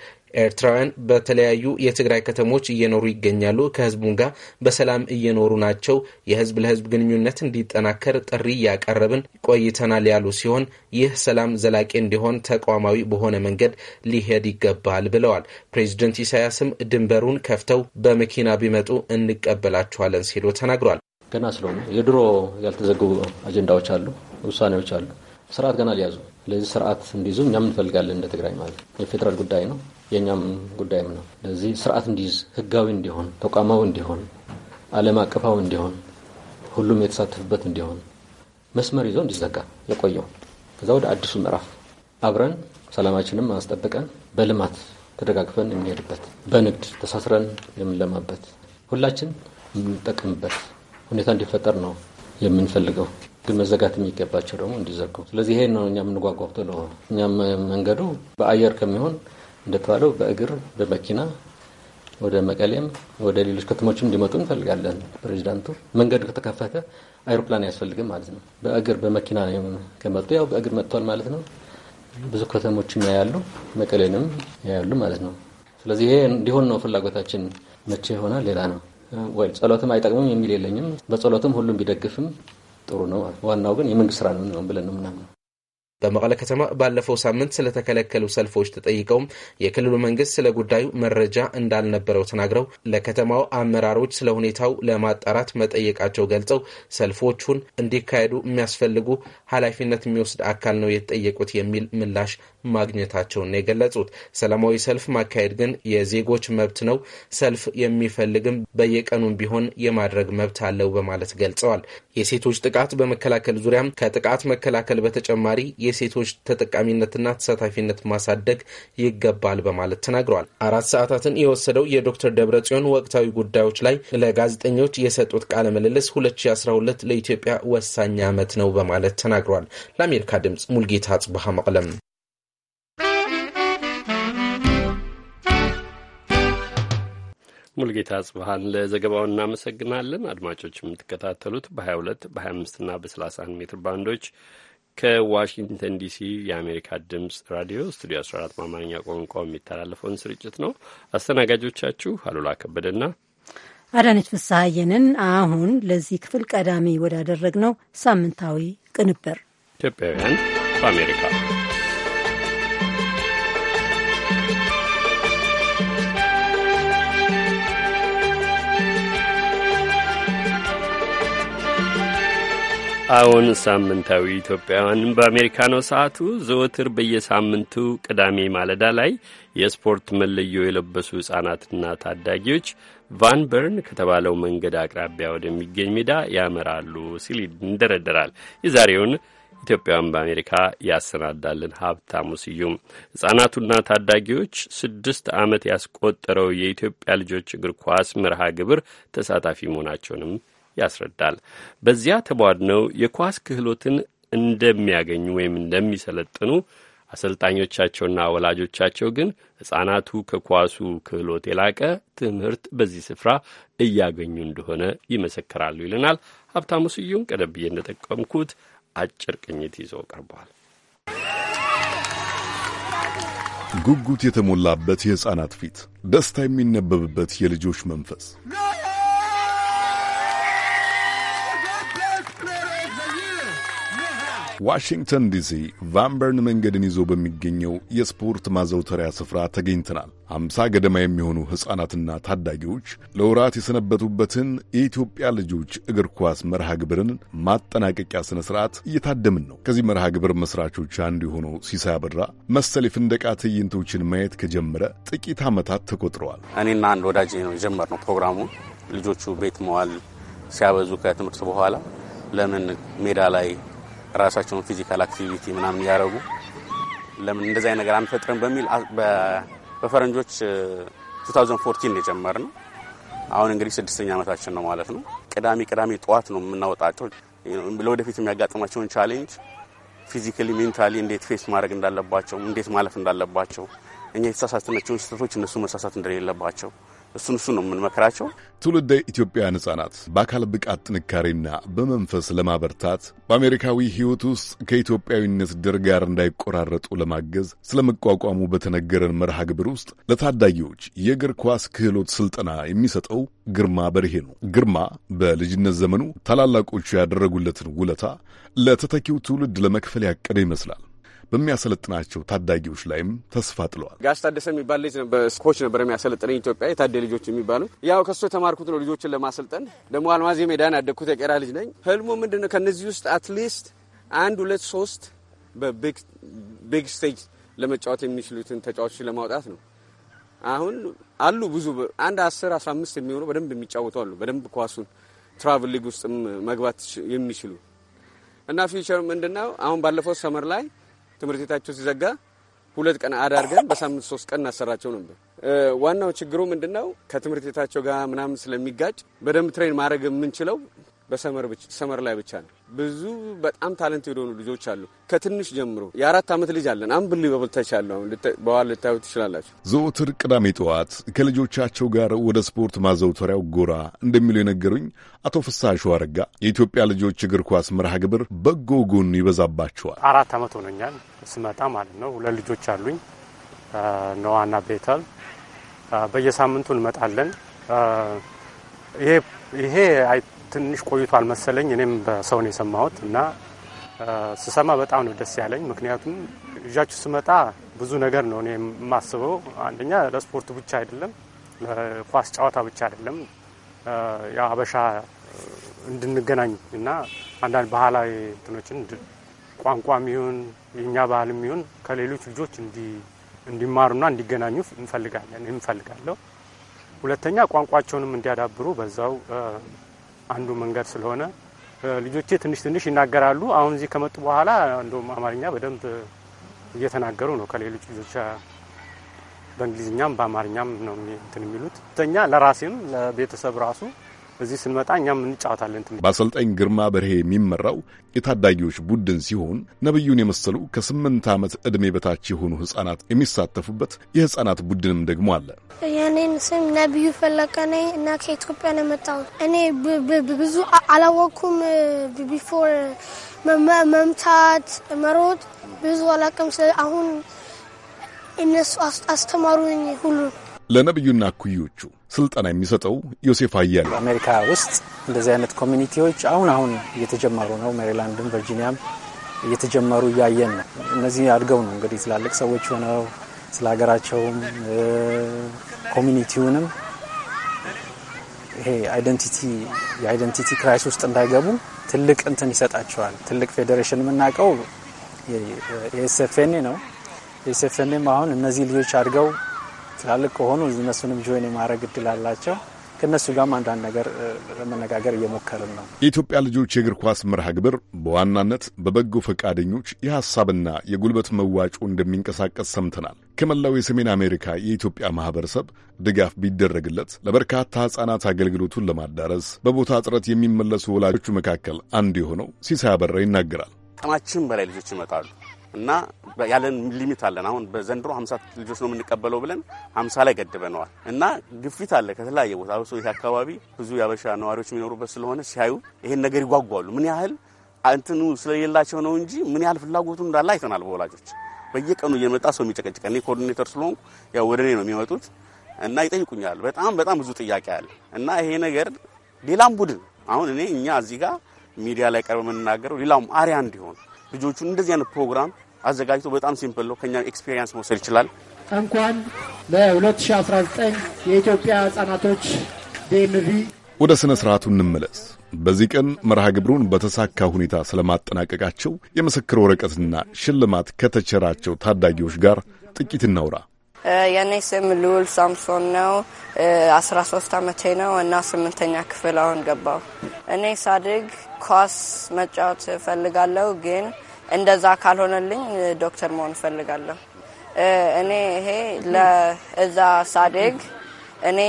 ኤርትራውያን በተለያዩ የትግራይ ከተሞች እየኖሩ ይገኛሉ። ከህዝቡም ጋር በሰላም እየኖሩ ናቸው። የህዝብ ለህዝብ ግንኙነት እንዲጠናከር ጥሪ እያቀረብን ቆይተናል ያሉ ሲሆን ይህ ሰላም ዘላቂ እንዲሆን ሳይሆን ተቋማዊ በሆነ መንገድ ሊሄድ ይገባል ብለዋል። ፕሬዚደንት ኢሳያስም ድንበሩን ከፍተው በመኪና ቢመጡ እንቀበላቸዋለን ሲሉ ተናግሯል። ገና ስለሆነ የድሮ ያልተዘገቡ አጀንዳዎች አሉ፣ ውሳኔዎች አሉ። ስርዓት ገና ሊያዙ ለዚህ ስርዓት እንዲይዙ እኛም እንፈልጋለን። እንደ ትግራይ ማለት የፌዴራል ጉዳይ ነው፣ የእኛም ጉዳይም ነው። ለዚህ ስርዓት እንዲይዝ ህጋዊ እንዲሆን፣ ተቋማዊ እንዲሆን፣ ዓለም አቀፋዊ እንዲሆን፣ ሁሉም የተሳተፍበት እንዲሆን መስመር ይዞ እንዲዘጋ የቆየው ከዛ ወደ አዲሱ ምዕራፍ አብረን ሰላማችንም አስጠብቀን በልማት ተደጋግፈን የምንሄድበት በንግድ ተሳስረን የምንለማበት ሁላችን የምንጠቀምበት ሁኔታ እንዲፈጠር ነው የምንፈልገው። ግን መዘጋት የሚገባቸው ደግሞ እንዲዘጉ። ስለዚህ ይሄ ነው እኛ የምንጓጓው። ለሆነ እኛም መንገዱ በአየር ከሚሆን እንደተባለው በእግር በመኪና ወደ መቀሌም ወደ ሌሎች ከተሞችም እንዲመጡ እንፈልጋለን። ፕሬዚዳንቱ መንገዱ ከተከፈተ አይሮፕላን አያስፈልግም ማለት ነው። በእግር በመኪና ከመጡ ያው በእግር መጥቷል ማለት ነው። ብዙ ከተሞችም ያያሉ፣ መቀሌንም ያያሉ ማለት ነው። ስለዚህ ይሄ እንዲሆን ነው ፍላጎታችን። መቼ ይሆናል ሌላ ነው ወይ ጸሎትም አይጠቅምም የሚል የለኝም። በጸሎትም ሁሉም ቢደግፍም ጥሩ ነው። ዋናው ግን የመንግስት ስራ ነው ብለን ነው ምናምነው። በመቀለ ከተማ ባለፈው ሳምንት ስለተከለከሉ ሰልፎች ተጠይቀውም የክልሉ መንግስት ስለ ጉዳዩ መረጃ እንዳልነበረው ተናግረው ለከተማው አመራሮች ስለ ሁኔታው ለማጣራት መጠየቃቸው ገልጸው ሰልፎቹን እንዲካሄዱ የሚያስፈልጉ ኃላፊነት የሚወስድ አካል ነው የተጠየቁት የሚል ምላሽ ማግኘታቸውን ነው የገለጹት። ሰላማዊ ሰልፍ ማካሄድ ግን የዜጎች መብት ነው። ሰልፍ የሚፈልግም በየቀኑም ቢሆን የማድረግ መብት አለው በማለት ገልጸዋል። የሴቶች ጥቃት በመከላከል ዙሪያም ከጥቃት መከላከል በተጨማሪ የሴቶች ተጠቃሚነትና ተሳታፊነት ማሳደግ ይገባል በማለት ተናግረዋል። አራት ሰዓታትን የወሰደው የዶክተር ደብረ ጽዮን ወቅታዊ ጉዳዮች ላይ ለጋዜጠኞች የሰጡት ቃለ ምልልስ 2012 ለኢትዮጵያ ወሳኝ ዓመት ነው በማለት ተናግረዋል። ለአሜሪካ ድምፅ ሙልጌታ አጽብሃ መቅለም። ሙልጌታ ጽብሃን ለዘገባው እናመሰግናለን። አድማጮች የምትከታተሉት በ22 በ25ና በ31 ሜትር ባንዶች ከዋሽንግተን ዲሲ የአሜሪካ ድምፅ ራዲዮ ስቱዲዮ 14 በአማርኛ ቋንቋ የሚተላለፈውን ስርጭት ነው። አስተናጋጆቻችሁ አሉላ ከበደና አዳነች ፍስሐየንን። አሁን ለዚህ ክፍል ቀዳሚ ወዳደረግነው ሳምንታዊ ቅንብር ኢትዮጵያውያን በአሜሪካ አሁን ሳምንታዊ ኢትዮጵያውያን በአሜሪካ ነው ሰዓቱ። ዘወትር በየሳምንቱ ቅዳሜ ማለዳ ላይ የስፖርት መለዮ የለበሱ ሕፃናትና ታዳጊዎች ቫንበርን ከተባለው መንገድ አቅራቢያ ወደሚገኝ ሜዳ ያመራሉ ሲል ይንደረደራል። የዛሬውን ኢትዮጵያውያን በአሜሪካ ያሰናዳልን ሀብታሙ ስዩም። ሕፃናቱና ታዳጊዎች ስድስት ዓመት ያስቆጠረው የኢትዮጵያ ልጆች እግር ኳስ መርሃ ግብር ተሳታፊ መሆናቸውንም ያስረዳል። በዚያ ተቧድነው የኳስ ክህሎትን እንደሚያገኙ ወይም እንደሚሰለጥኑ አሰልጣኞቻቸውና ወላጆቻቸው ግን ሕፃናቱ ከኳሱ ክህሎት የላቀ ትምህርት በዚህ ስፍራ እያገኙ እንደሆነ ይመሰክራሉ ይለናል። ሀብታሙ ስዩም ቀደም ብዬ እንደጠቀምኩት አጭር ቅኝት ይዞ ቀርቧል። ጉጉት የተሞላበት የሕፃናት ፊት፣ ደስታ የሚነበብበት የልጆች መንፈስ ዋሽንግተን ዲሲ ቫንበርን መንገድን ይዞ በሚገኘው የስፖርት ማዘውተሪያ ስፍራ ተገኝተናል። አምሳ ገደማ የሚሆኑ ሕፃናትና ታዳጊዎች ለውራት የሰነበቱበትን የኢትዮጵያ ልጆች እግር ኳስ መርሃ ግብርን ማጠናቀቂያ ሥነ ሥርዓት እየታደምን ነው። ከዚህ መርሃ ግብር መሥራቾች አንዱ የሆነው ሲሳይ አበራ መሰል የፍንደቃ ትዕይንቶችን ማየት ከጀመረ ጥቂት ዓመታት ተቆጥረዋል። እኔና አንድ ወዳጅ ነው የጀመርነው ፕሮግራሙ ልጆቹ ቤት መዋል ሲያበዙ ከትምህርት በኋላ ለምን ሜዳ ላይ ራሳቸውን ፊዚካል አክቲቪቲ ምናምን እያደረጉ ለምን እንደዚህ አይነት ነገር አንፈጥርም በሚል በፈረንጆች 2014 ነው የጀመርነው። አሁን እንግዲህ ስድስተኛ ዓመታችን ነው ማለት ነው። ቅዳሜ ቅዳሜ ጠዋት ነው የምናወጣቸው ለወደፊት የሚያጋጥማቸውን ቻሌንጅ ፊዚካሊ ሜንታሊ እንዴት ፌስ ማድረግ እንዳለባቸው እንዴት ማለፍ እንዳለባቸው እኛ የተሳሳትናቸውን ስህተቶች እነሱ መሳሳት እንደሌለባቸው እሱን እሱን ነው የምንመክራቸው። ትውልደ ኢትዮጵያውያን ሕጻናት በአካል ብቃት ጥንካሬና በመንፈስ ለማበርታት በአሜሪካዊ ሕይወት ውስጥ ከኢትዮጵያዊነት ድር ጋር እንዳይቆራረጡ ለማገዝ ስለ መቋቋሙ በተነገረን መርሃ ግብር ውስጥ ለታዳጊዎች የእግር ኳስ ክህሎት ስልጠና የሚሰጠው ግርማ በርሄ ነው። ግርማ በልጅነት ዘመኑ ታላላቆቹ ያደረጉለትን ውለታ ለተተኪው ትውልድ ለመክፈል ያቀደ ይመስላል። በሚያሰለጥናቸው ታዳጊዎች ላይም ተስፋ ጥለዋል። ጋሽ ታደሰ የሚባል ልጅ ኮች ነበር የሚያሰለጥነኝ ኢትዮጵያ የታደ ልጆች የሚባሉት ያው ከሱ የተማርኩት ነው። ልጆችን ለማሰልጠን ደግሞ አልማዝ ሜዳን ያደግኩት የቄራ ልጅ ነኝ። ህልሙ ምንድን ነው? ከነዚህ ውስጥ አትሊስት አንድ ሁለት ሶስት በቢግ ስቴጅ ለመጫወት የሚችሉትን ተጫዋቾች ለማውጣት ነው። አሁን አሉ ብዙ አንድ አስር አስራ አምስት የሚሆኑ በደንብ የሚጫወቱ አሉ። በደንብ ኳሱን ትራቭል ሊግ ውስጥ መግባት የሚችሉ እና ፊውቸር ምንድነው? አሁን ባለፈው ሰመር ላይ ትምህርት ቤታቸው ሲዘጋ ሁለት ቀን አዳርገን በሳምንት ሶስት ቀን እናሰራቸው ነበር። ዋናው ችግሩ ምንድነው ከትምህርት ቤታቸው ጋር ምናምን ስለሚጋጭ በደንብ ትሬን ማድረግ የምንችለው በሰመር ላይ ብቻ ነው። ብዙ በጣም ታለንት የሆኑ ልጆች አሉ። ከትንሽ ጀምሮ የአራት ዓመት ልጅ አለን። አንብል በብልታች አለ በኋላ ልታዩ ትችላላችሁ። ዘወትር ቅዳሜ ጠዋት ከልጆቻቸው ጋር ወደ ስፖርት ማዘውተሪያው ጎራ እንደሚሉ የነገሩኝ አቶ ፍሳሹ አረጋ የኢትዮጵያ ልጆች እግር ኳስ መርሃ ግብር በጎ ጎን ይበዛባቸዋል። አራት ዓመት ሆነኛል ስመጣ ማለት ነው። ሁለት ልጆች አሉኝ ነዋና ቤተል። በየሳምንቱ እንመጣለን። ይሄ ትንሽ ቆይቷል መሰለኝ። እኔም በሰው የሰማሁት እና ስሰማ በጣም ነው ደስ ያለኝ። ምክንያቱም እዣችሁ ስመጣ ብዙ ነገር ነው እኔ የማስበው። አንደኛ ለስፖርት ብቻ አይደለም፣ ለኳስ ጨዋታ ብቻ አይደለም። የአበሻ እንድንገናኝ እና አንዳንድ ባህላዊ እንትኖችን ቋንቋ የሚሆን የእኛ ባህል የሚሆን ከሌሎች ልጆች እንዲማሩና እንዲገናኙ እንፈልጋለን እንፈልጋለሁ። ሁለተኛ ቋንቋቸውንም እንዲያዳብሩ በዛው አንዱ መንገድ ስለሆነ ልጆቼ ትንሽ ትንሽ ይናገራሉ። አሁን እዚህ ከመጡ በኋላ እንደውም አማርኛ በደንብ እየተናገሩ ነው። ከሌሎች ልጆች በእንግሊዝኛም በአማርኛም ነው እንትን የሚሉት። ተኛ ለራሴም ለቤተሰብ ራሱ እዚህ ስንመጣ እኛም እንጫወታለን። በአሰልጣኝ ግርማ በርሄ የሚመራው የታዳጊዎች ቡድን ሲሆን ነብዩን የመሰሉ ከስምንት ዓመት ዕድሜ በታች የሆኑ ሕጻናት የሚሳተፉበት የሕጻናት ቡድንም ደግሞ አለ። የኔን ስም ነብዩ ፈለቀ ነኝ እና ከኢትዮጵያ ነው የመጣሁት። እኔ ብዙ አላወቅኩም። ቢፎር መምታት፣ መሮጥ ብዙ አላቅም። አሁን እነሱ አስተማሩኝ ሁሉ ለነብዩና ኩዮቹ ስልጠና የሚሰጠው ዮሴፍ አያሌው አሜሪካ ውስጥ እንደዚህ አይነት ኮሚኒቲዎች አሁን አሁን እየተጀመሩ ነው። ሜሪላንድም ቨርጂኒያም እየተጀመሩ እያየን ነው። እነዚህ አድገው ነው እንግዲህ ትላልቅ ሰዎች ሆነው ስለ ሀገራቸውም ኮሚኒቲውንም ይሄ አይደንቲቲ የአይደንቲቲ ክራይስ ውስጥ እንዳይገቡ ትልቅ እንትን ይሰጣቸዋል። ትልቅ ፌዴሬሽን የምናውቀው የኤስፍኔ ነው። ኤስፍኔም አሁን እነዚህ ልጆች አድገው ትላልቅ ከሆኑ እነሱንም ጆይን የማድረግ እድል አላቸው። ከእነሱ ጋርም አንዳንድ ነገር ለመነጋገር እየሞከርን ነው። የኢትዮጵያ ልጆች የእግር ኳስ መርሃ ግብር በዋናነት በበጎ ፈቃደኞች የሀሳብና የጉልበት መዋጮ እንደሚንቀሳቀስ ሰምተናል። ከመላው የሰሜን አሜሪካ የኢትዮጵያ ማህበረሰብ ድጋፍ ቢደረግለት ለበርካታ ህጻናት አገልግሎቱን ለማዳረስ በቦታ እጥረት የሚመለሱ ወላጆቹ መካከል አንዱ የሆነው ሲሳይ አበራ ይናገራል። አቅማችን በላይ ልጆች ይመጣሉ እና ያለን ሊሚት አለን። አሁን በዘንድሮ ሀምሳ ልጆች ነው የምንቀበለው ብለን ሀምሳ ላይ ገድበነዋል። እና ግፊት አለ ከተለያየ ቦታ አብሶ ይህ አካባቢ ብዙ ያበሻ ነዋሪዎች የሚኖሩበት ስለሆነ ሲያዩ ይሄን ነገር ይጓጓሉ። ምን ያህል እንትኑ ስለሌላቸው ነው እንጂ ምን ያህል ፍላጎቱ እንዳለ አይተናል። በወላጆች በየቀኑ እየመጣ ሰው የሚጨቀጭቀ እኔ ኮኦርዲኔተር ስለሆንኩ ያው ወደ እኔ ነው የሚመጡት እና ይጠይቁኛል። በጣም በጣም ብዙ ጥያቄ አለ እና ይሄ ነገር ሌላም ቡድን አሁን እኔ እኛ እዚህ ጋር ሚዲያ ላይ ቀርበ የምንናገረው ሌላውም አሪያ እንዲሆን ልጆቹን እንደዚህ አይነት ፕሮግራም አዘጋጅቶ በጣም ሲምፕል ነው። ከኛ ኤክስፔሪንስ መውሰድ ይችላል። እንኳን ለ2019 የኢትዮጵያ ህጻናቶች ዴምቪ ወደ ሥነ ሥርዓቱ እንመለስ። በዚህ ቀን መርሃ ግብሩን በተሳካ ሁኔታ ስለማጠናቀቃቸው የምስክር ወረቀትና ሽልማት ከተቸራቸው ታዳጊዎች ጋር ጥቂት እናውራ። የእኔ ስም ልዑል ሳምሶን ነው። 13 ዓመቴ አመቴ ነው እና ስምንተኛ ክፍል አሁን ገባው። እኔ ሳድግ ኳስ መጫወት እፈልጋለሁ፣ ግን እንደዛ ካልሆነልኝ ዶክተር መሆን እፈልጋለሁ። እኔ ይሄ ለእዛ ሳድግ እኔ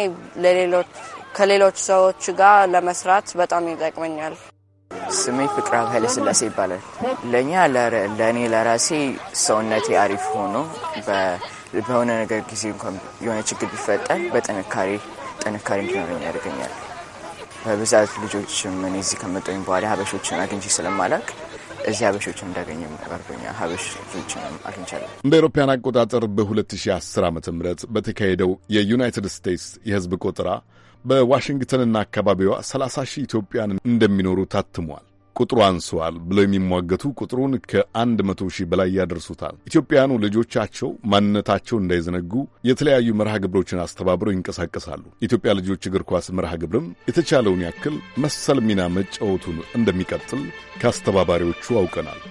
ከሌሎች ሰዎች ጋር ለመስራት በጣም ይጠቅመኛል። ስሜ ፍቅራት ኃይለስላሴ ይባላል። ለእኛ ለእኔ ለራሴ ሰውነቴ አሪፍ ሆኖ በሆነ ነገር ጊዜ እንኳን የሆነ ችግር ቢፈጠር በጥንካሬ ጥንካሬ እንዲኖረኝ ያደርገኛል። በብዛት ልጆችም እኔ እዚህ ከመጣሁኝ በኋላ ሀበሾችን አግኝቼ ስለማላቅ እዚህ ሀበሾችን እንዳገኘም አድርጎኛል። ሀበሽ ልጆችንም አግኝቻለሁ። እንደ አውሮፓውያን አቆጣጠር በ2010 ዓ ም በተካሄደው የዩናይትድ ስቴትስ የህዝብ ቆጠራ በዋሽንግተንና አካባቢዋ 30 ሺህ ኢትዮጵያን እንደሚኖሩ ታትሟል። ቁጥሩ አንሰዋል ብለው የሚሟገቱ ቁጥሩን ከአንድ መቶ ሺህ በላይ ያደርሱታል። ኢትዮጵያውያኑ ልጆቻቸው ማንነታቸው እንዳይዘነጉ የተለያዩ መርሃ ግብሮችን አስተባብረው ይንቀሳቀሳሉ። ኢትዮጵያ ልጆች እግር ኳስ መርሃ ግብርም የተቻለውን ያክል መሰል ሚና መጫወቱን እንደሚቀጥል ከአስተባባሪዎቹ አውቀናል።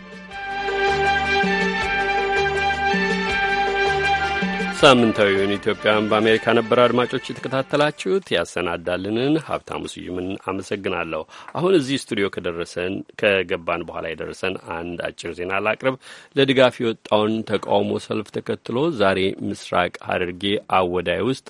ሳምንታዊውን ኢትዮጵያውያን በአሜሪካ ነበር አድማጮች የተከታተላችሁት። ያሰናዳልንን ሀብታሙ ስዩምን አመሰግናለሁ። አሁን እዚህ ስቱዲዮ ከደረሰን ከገባን በኋላ የደረሰን አንድ አጭር ዜና ላቅርብ። ለድጋፍ የወጣውን ተቃውሞ ሰልፍ ተከትሎ ዛሬ ምስራቅ ሐረርጌ አወዳይ ውስጥ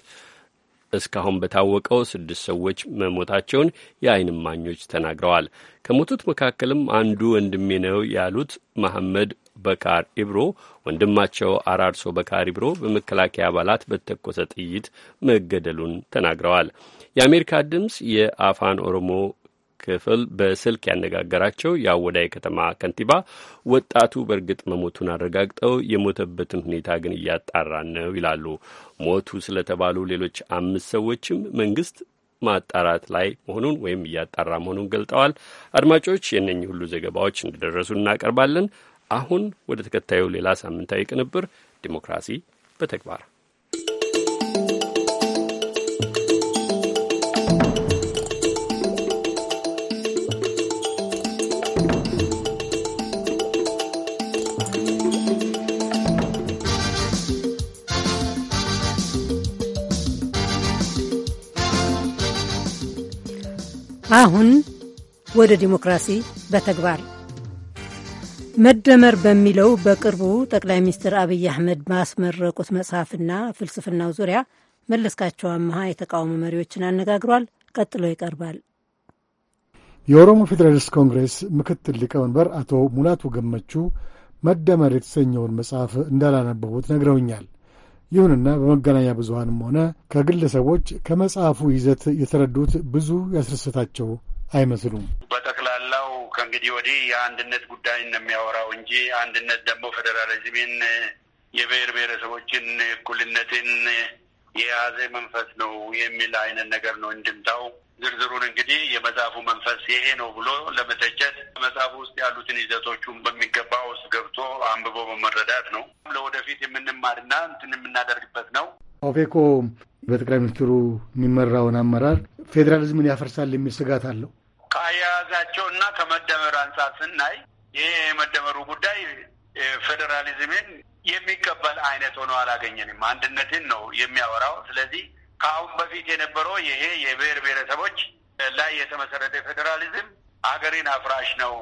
እስካሁን በታወቀው ስድስት ሰዎች መሞታቸውን የዓይን እማኞች ተናግረዋል። ከሞቱት መካከልም አንዱ ወንድሜ ነው ያሉት መሐመድ በካር ኢብሮ ወንድማቸው አራርሶ በካር ኢብሮ በመከላከያ አባላት በተኮሰ ጥይት መገደሉን ተናግረዋል። የአሜሪካ ድምፅ የአፋን ኦሮሞ ክፍል በስልክ ያነጋገራቸው የአወዳይ ከተማ ከንቲባ ወጣቱ በእርግጥ መሞቱን አረጋግጠው የሞተበትን ሁኔታ ግን እያጣራን ነው ይላሉ። ሞቱ ስለተባሉ ሌሎች አምስት ሰዎችም መንግስት ማጣራት ላይ መሆኑን ወይም እያጣራ መሆኑን ገልጠዋል። አድማጮች የእነኚህ ሁሉ ዘገባዎች እንደደረሱ እናቀርባለን። አሁን ወደ ተከታዩ ሌላ ሳምንታዊ ቅንብር ዲሞክራሲ በተግባር አሁን ወደ ዲሞክራሲ በተግባር መደመር በሚለው በቅርቡ ጠቅላይ ሚኒስትር አብይ አህመድ ባስመረቁት መጽሐፍና ፍልስፍናው ዙሪያ መለስካቸው አመሃ የተቃውሞ መሪዎችን አነጋግሯል። ቀጥሎ ይቀርባል። የኦሮሞ ፌዴራሊስት ኮንግሬስ ምክትል ሊቀመንበር አቶ ሙላቱ ገመቹ መደመር የተሰኘውን መጽሐፍ እንዳላነበቡት ነግረውኛል። ይሁንና በመገናኛ ብዙሃንም ሆነ ከግለሰቦች ከመጽሐፉ ይዘት የተረዱት ብዙ ያስደሰታቸው አይመስሉም። በጠቅላላ ከእንግዲህ ወዲህ የአንድነት ጉዳይን ነው የሚያወራው እንጂ አንድነት ደግሞ ፌዴራሊዝምን፣ የብሔር ብሔረሰቦችን እኩልነትን የያዘ መንፈስ ነው የሚል አይነት ነገር ነው እንድምታው። ዝርዝሩን እንግዲህ የመጽሐፉ መንፈስ ይሄ ነው ብሎ ለመተቸት መጽሐፉ ውስጥ ያሉትን ይዘቶቹን በሚገባ ውስጥ ገብቶ አንብቦ በመረዳት ነው ለወደፊት የምንማርና እንትን የምናደርግበት ነው። ኦፌኮ በጠቅላይ ሚኒስትሩ የሚመራውን አመራር ፌዴራሊዝምን ያፈርሳል የሚል ስጋት አለው። ከአያያዛቸው እና ከመደመር አንጻር ስናይ ይሄ የመደመሩ ጉዳይ ፌዴራሊዝምን የሚቀበል አይነት ሆኖ አላገኘንም። አንድነትን ነው የሚያወራው። ስለዚህ ከአሁን በፊት የነበረው ይሄ የብሔር ብሔረሰቦች ላይ የተመሰረተ ፌዴራሊዝም አገሬን አፍራሽ ነው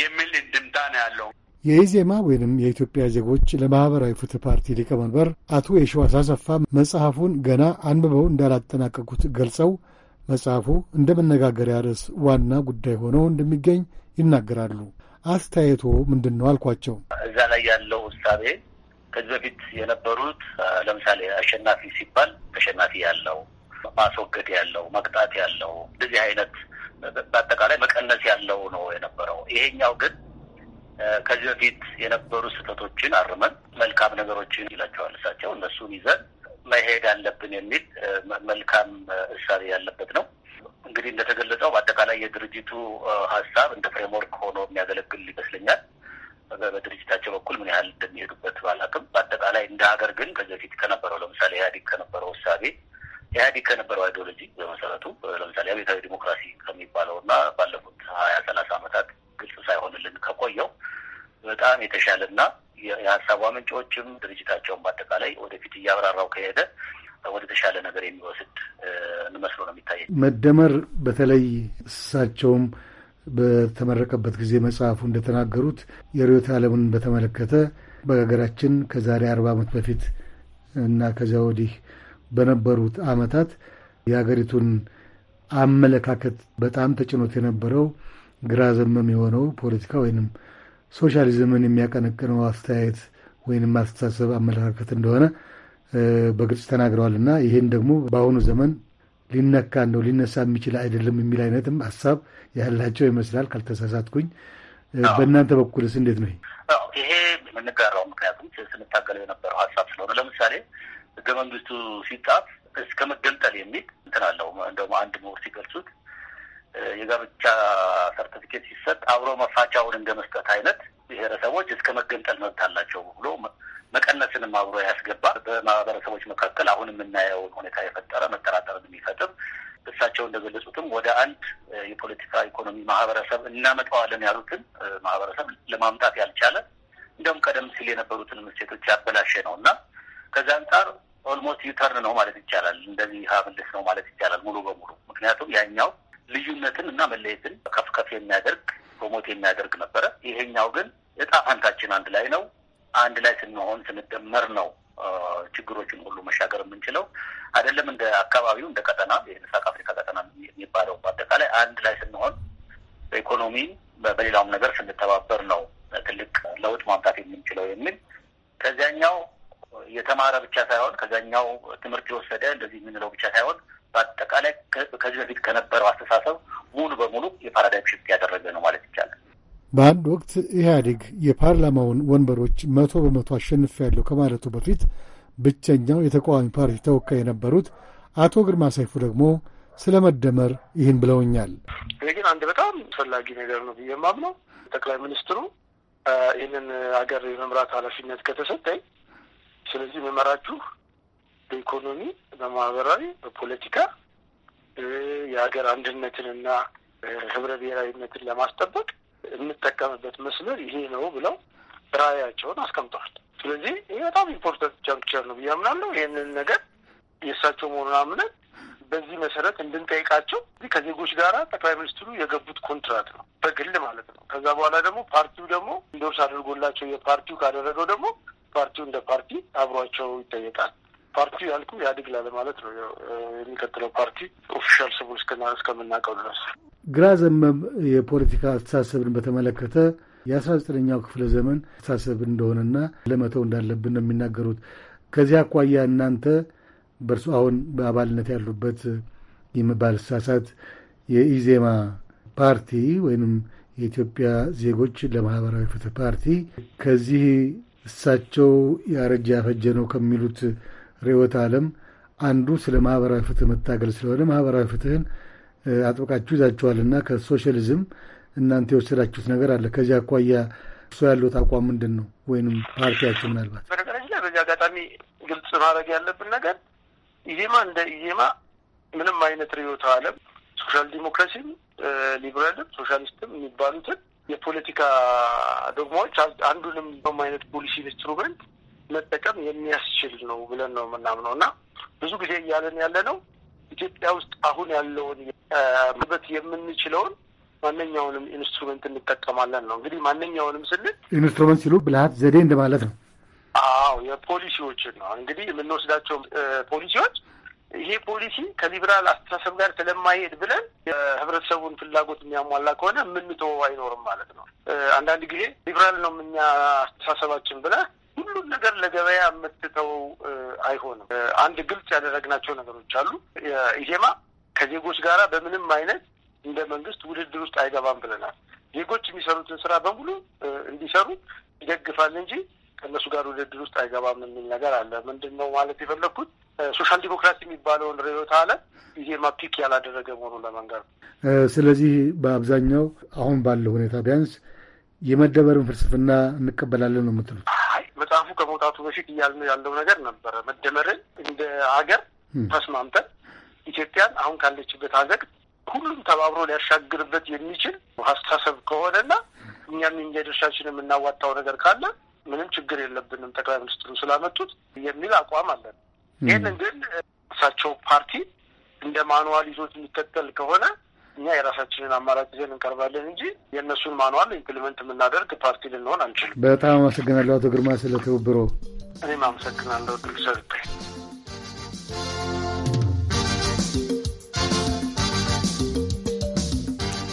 የሚል እንድምታ ነው ያለው። የኢዜማ ወይንም የኢትዮጵያ ዜጎች ለማህበራዊ ፍትህ ፓርቲ ሊቀመንበር አቶ የሸዋስ አሰፋ መጽሐፉን ገና አንብበው እንዳላጠናቀቁት ገልጸው መጽሐፉ እንደ መነጋገሪያ ርዕስ ዋና ጉዳይ ሆነው እንደሚገኝ ይናገራሉ። አስተያየቶ ምንድን ነው አልኳቸው። እዛ ላይ ያለው እሳቤ ከዚህ በፊት የነበሩት ለምሳሌ አሸናፊ ሲባል ተሸናፊ ያለው ማስወገድ ያለው መቅጣት ያለው እንደዚህ አይነት በአጠቃላይ መቀነስ ያለው ነው የነበረው። ይሄኛው ግን ከዚህ በፊት የነበሩ ስህተቶችን አርመን መልካም ነገሮችን ይላቸዋል እሳቸው እነሱን ይዘን መሄድ አለብን የሚል መልካም እሳቤ ያለበት ነው። እንግዲህ እንደተገለጸው በአጠቃላይ የድርጅቱ ሀሳብ እንደ ፍሬምወርክ ሆኖ የሚያገለግል ይመስለኛል። በድርጅታቸው በኩል ምን ያህል እንደሚሄዱበት ባላቅም፣ በአጠቃላይ እንደ ሀገር ግን ከዚህ በፊት ከነበረው ለምሳሌ ኢህአዴግ ከነበረው እሳቤ ኢህአዴግ ከነበረው አይዲዮሎጂ በመሰረቱ ለምሳሌ አቤታዊ ዲሞክራሲ ከሚባለው እና ባለፉት ሀያ ሰላሳ ዓመታት ግልጽ ሳይሆንልን ከቆየው በጣም የተሻለና የሀሳቧ ምንጮችም ድርጅታቸውን በአጠቃላይ ወደፊት እያብራራው ከሄደ ወደ ተሻለ ነገር የሚወስድ እንመስሎ ነው የሚታየ መደመር በተለይ እሳቸውም በተመረቀበት ጊዜ መጽሐፉ እንደተናገሩት የርዕዮተ ዓለምን በተመለከተ በሀገራችን ከዛሬ አርባ ዓመት በፊት እና ከዚያ ወዲህ በነበሩት ዓመታት የሀገሪቱን አመለካከት በጣም ተጭኖት የነበረው ግራ ዘመም የሆነው ፖለቲካ ወይንም ሶሻሊዝምን የሚያቀነቅነው አስተያየት ወይም አስተሳሰብ አመለካከት እንደሆነ በግልጽ ተናግረዋል እና ይህን ደግሞ በአሁኑ ዘመን ሊነካ እንደው ሊነሳ የሚችል አይደለም የሚል አይነትም ሀሳብ ያላቸው ይመስላል ካልተሳሳትኩኝ። በእናንተ በኩልስ እንዴት ነው? ይሄ የምንጋራው ምክንያቱም ስንታገለው የነበረው ሀሳብ ስለሆነ ለምሳሌ ህገ መንግስቱ ሲጻፍ እስከ መገንጠል የሚል እንትን አለው። እንደውም አንድ ምሁር ሲገልጹት የጋብቻ ሰርቲፊኬት ሲሰጥ አብሮ መፋቻውን እንደ መስጠት አይነት ብሔረሰቦች እስከ መገንጠል መብት አላቸው ብሎ መቀነስንም አብሮ ያስገባ በማህበረሰቦች መካከል አሁን የምናየውን ሁኔታ የፈጠረ መጠራጠርን የሚፈጥር እሳቸው እንደገለጹትም ወደ አንድ የፖለቲካ ኢኮኖሚ ማህበረሰብ እናመጣዋለን ያሉትን ማህበረሰብ ለማምጣት ያልቻለ እንደውም ቀደም ሲል የነበሩትን እሴቶች ያበላሸ ነው እና ከዚ አንጻር ኦልሞስት ዩተርን ነው ማለት ይቻላል። እንደዚህ ሀብልስ ነው ማለት ይቻላል ሙሉ በሙሉ ምክንያቱም ያኛው ልዩነትን እና መለየትን ከፍ ከፍ የሚያደርግ ፕሮሞት የሚያደርግ ነበረ። ይሄኛው ግን እጣ ፈንታችን አንድ ላይ ነው። አንድ ላይ ስንሆን ስንደመር ነው ችግሮችን ሁሉ መሻገር የምንችለው። አይደለም እንደ አካባቢው እንደ ቀጠና የምስራቅ አፍሪካ ቀጠና የሚባለው በአጠቃላይ አንድ ላይ ስንሆን በኢኮኖሚ በሌላውም ነገር ስንተባበር ነው ትልቅ ለውጥ ማምጣት የምንችለው የሚል ከዚያኛው የተማረ ብቻ ሳይሆን ከዚያኛው ትምህርት የወሰደ እንደዚህ የምንለው ብቻ ሳይሆን በአጠቃላይ ከዚህ በፊት ከነበረው አስተሳሰብ ሙሉ በሙሉ የፓራዳይም ሽፍት ያደረገ ነው ማለት ይቻላል። በአንድ ወቅት ኢህአዴግ የፓርላማውን ወንበሮች መቶ በመቶ አሸንፍ ያለው ከማለቱ በፊት ብቸኛው የተቃዋሚ ፓርቲ ተወካይ የነበሩት አቶ ግርማ ሰይፉ ደግሞ ስለ መደመር ይህን ብለውኛል። ይህ ግን አንድ በጣም አስፈላጊ ነገር ነው ብዬ የማምነው ጠቅላይ ሚኒስትሩ ይህንን ሀገር የመምራት ኃላፊነት ከተሰጠኝ ስለዚህ መመራችሁ በኢኮኖሚ፣ በማህበራዊ፣ በፖለቲካ የሀገር አንድነትንና ህብረ ብሔራዊነትን ለማስጠበቅ የምጠቀምበት መስመር ይሄ ነው ብለው ራዕያቸውን አስቀምጠዋል። ስለዚህ ይህ በጣም ኢምፖርታንት ጃንክቸር ነው ብዬ አምናለሁ። ይህንን ነገር የእሳቸው መሆኑን አምነን በዚህ መሰረት እንድንጠይቃቸው ከዜጎች ጋር ጠቅላይ ሚኒስትሩ የገቡት ኮንትራት ነው፣ በግል ማለት ነው። ከዛ በኋላ ደግሞ ፓርቲው ደግሞ እንደውስ አድርጎላቸው የፓርቲው ካደረገው ደግሞ ፓርቲው እንደ ፓርቲ አብሯቸው ይጠየቃል። ፓርቲ ያልኩ ኢህአዴግ ማለት ነው። የሚቀጥለው ፓርቲ ኦፊሻል ስሙ እስከምናውቀው ድረስ ግራ ዘመም የፖለቲካ አስተሳሰብን በተመለከተ የአስራ ዘጠነኛው ክፍለ ዘመን አስተሳሰብ እንደሆነና ለመተው እንዳለብን ነው የሚናገሩት። ከዚህ አኳያ እናንተ በእርሱ አሁን በአባልነት ያሉበት የሚባል ሳሳት የኢዜማ ፓርቲ ወይንም የኢትዮጵያ ዜጎች ለማህበራዊ ፍትህ ፓርቲ ከዚህ እሳቸው ያረጀ ያፈጀ ነው ከሚሉት ርዕዮተ ዓለም አንዱ ስለ ማህበራዊ ፍትህ መታገል ስለሆነ ማህበራዊ ፍትህን አጥብቃችሁ ይዛችኋልና ከሶሻሊዝም እናንተ የወሰዳችሁት ነገር አለ። ከዚህ አኳያ እሱ ያለት አቋም ምንድን ነው? ወይም ፓርቲያችሁ ምናልባት በነገራችን ላይ በዚህ አጋጣሚ ግልጽ ማድረግ ያለብን ነገር ኢዜማ እንደ ኢዜማ ምንም አይነት ርዕዮተ ዓለም ሶሻል ዲሞክራሲም፣ ሊበራልም፣ ሶሻሊስትም የሚባሉትን የፖለቲካ ዶግማዎች አንዱንም በም አይነት ፖሊሲ ኢንስትሩመንት የሚያስችል ነው ብለን ነው የምናምነው እና ብዙ ጊዜ እያለን ያለ ነው ኢትዮጵያ ውስጥ አሁን ያለውን ምበት የምንችለውን ማንኛውንም ኢንስትሩመንት እንጠቀማለን ነው። እንግዲህ ማንኛውንም ስንል ኢንስትሩመንት ሲሉ ብልሃት፣ ዘዴ እንደማለት ነው። አዎ የፖሊሲዎችን ነው እንግዲህ የምንወስዳቸው ፖሊሲዎች ይሄ ፖሊሲ ከሊበራል አስተሳሰብ ጋር ስለማይሄድ ብለን የህብረተሰቡን ፍላጎት የሚያሟላ ከሆነ የምንተወው አይኖርም ማለት ነው። አንዳንድ ጊዜ ሊበራል ነው የምኛ አስተሳሰባችን ብለህ ሁሉን ነገር ለገበያ የምትተው አይሆንም። አንድ ግልጽ ያደረግናቸው ነገሮች አሉ። ኢዜማ ከዜጎች ጋራ በምንም አይነት እንደ መንግስት ውድድር ውስጥ አይገባም ብለናል። ዜጎች የሚሰሩትን ስራ በሙሉ እንዲሰሩ ይደግፋል እንጂ ከእነሱ ጋር ውድድር ውስጥ አይገባም የሚል ነገር አለ። ምንድን ነው ማለት የፈለግኩት ሶሻል ዲሞክራሲ የሚባለውን ርዕዮተ ዓለም ኢዜማ ፒክ ያላደረገ መሆኑን ለመንገር ነው። ስለዚህ በአብዛኛው አሁን ባለው ሁኔታ ቢያንስ የመደበርን ፍልስፍና እንቀበላለን ነው የምትሉት? አይ መጽሐፉ ከመውጣቱ በፊት እያልን ያለው ነገር ነበረ። መደመርን እንደ ሀገር ተስማምተን ኢትዮጵያን አሁን ካለችበት ሀገር ሁሉም ተባብሮ ሊያሻግርበት የሚችል አስተሳሰብ ከሆነና እኛም የድርሻችን የምናዋጣው ነገር ካለ ምንም ችግር የለብንም ጠቅላይ ሚኒስትሩ ስላመጡት የሚል አቋም አለን። ይህን ግን እሳቸው ፓርቲ እንደ ማኑዋል ይዞት የሚከተል ከሆነ እኛ የራሳችንን አማራጭ ይዘን እንቀርባለን እንጂ የእነሱን ማንዋል ኢምፕሊመንት የምናደርግ ፓርቲ ልንሆን አንችልም። በጣም አመሰግናለሁ አቶ ግርማ ስለ ትብብሮ። እኔም አመሰግናለሁ ድል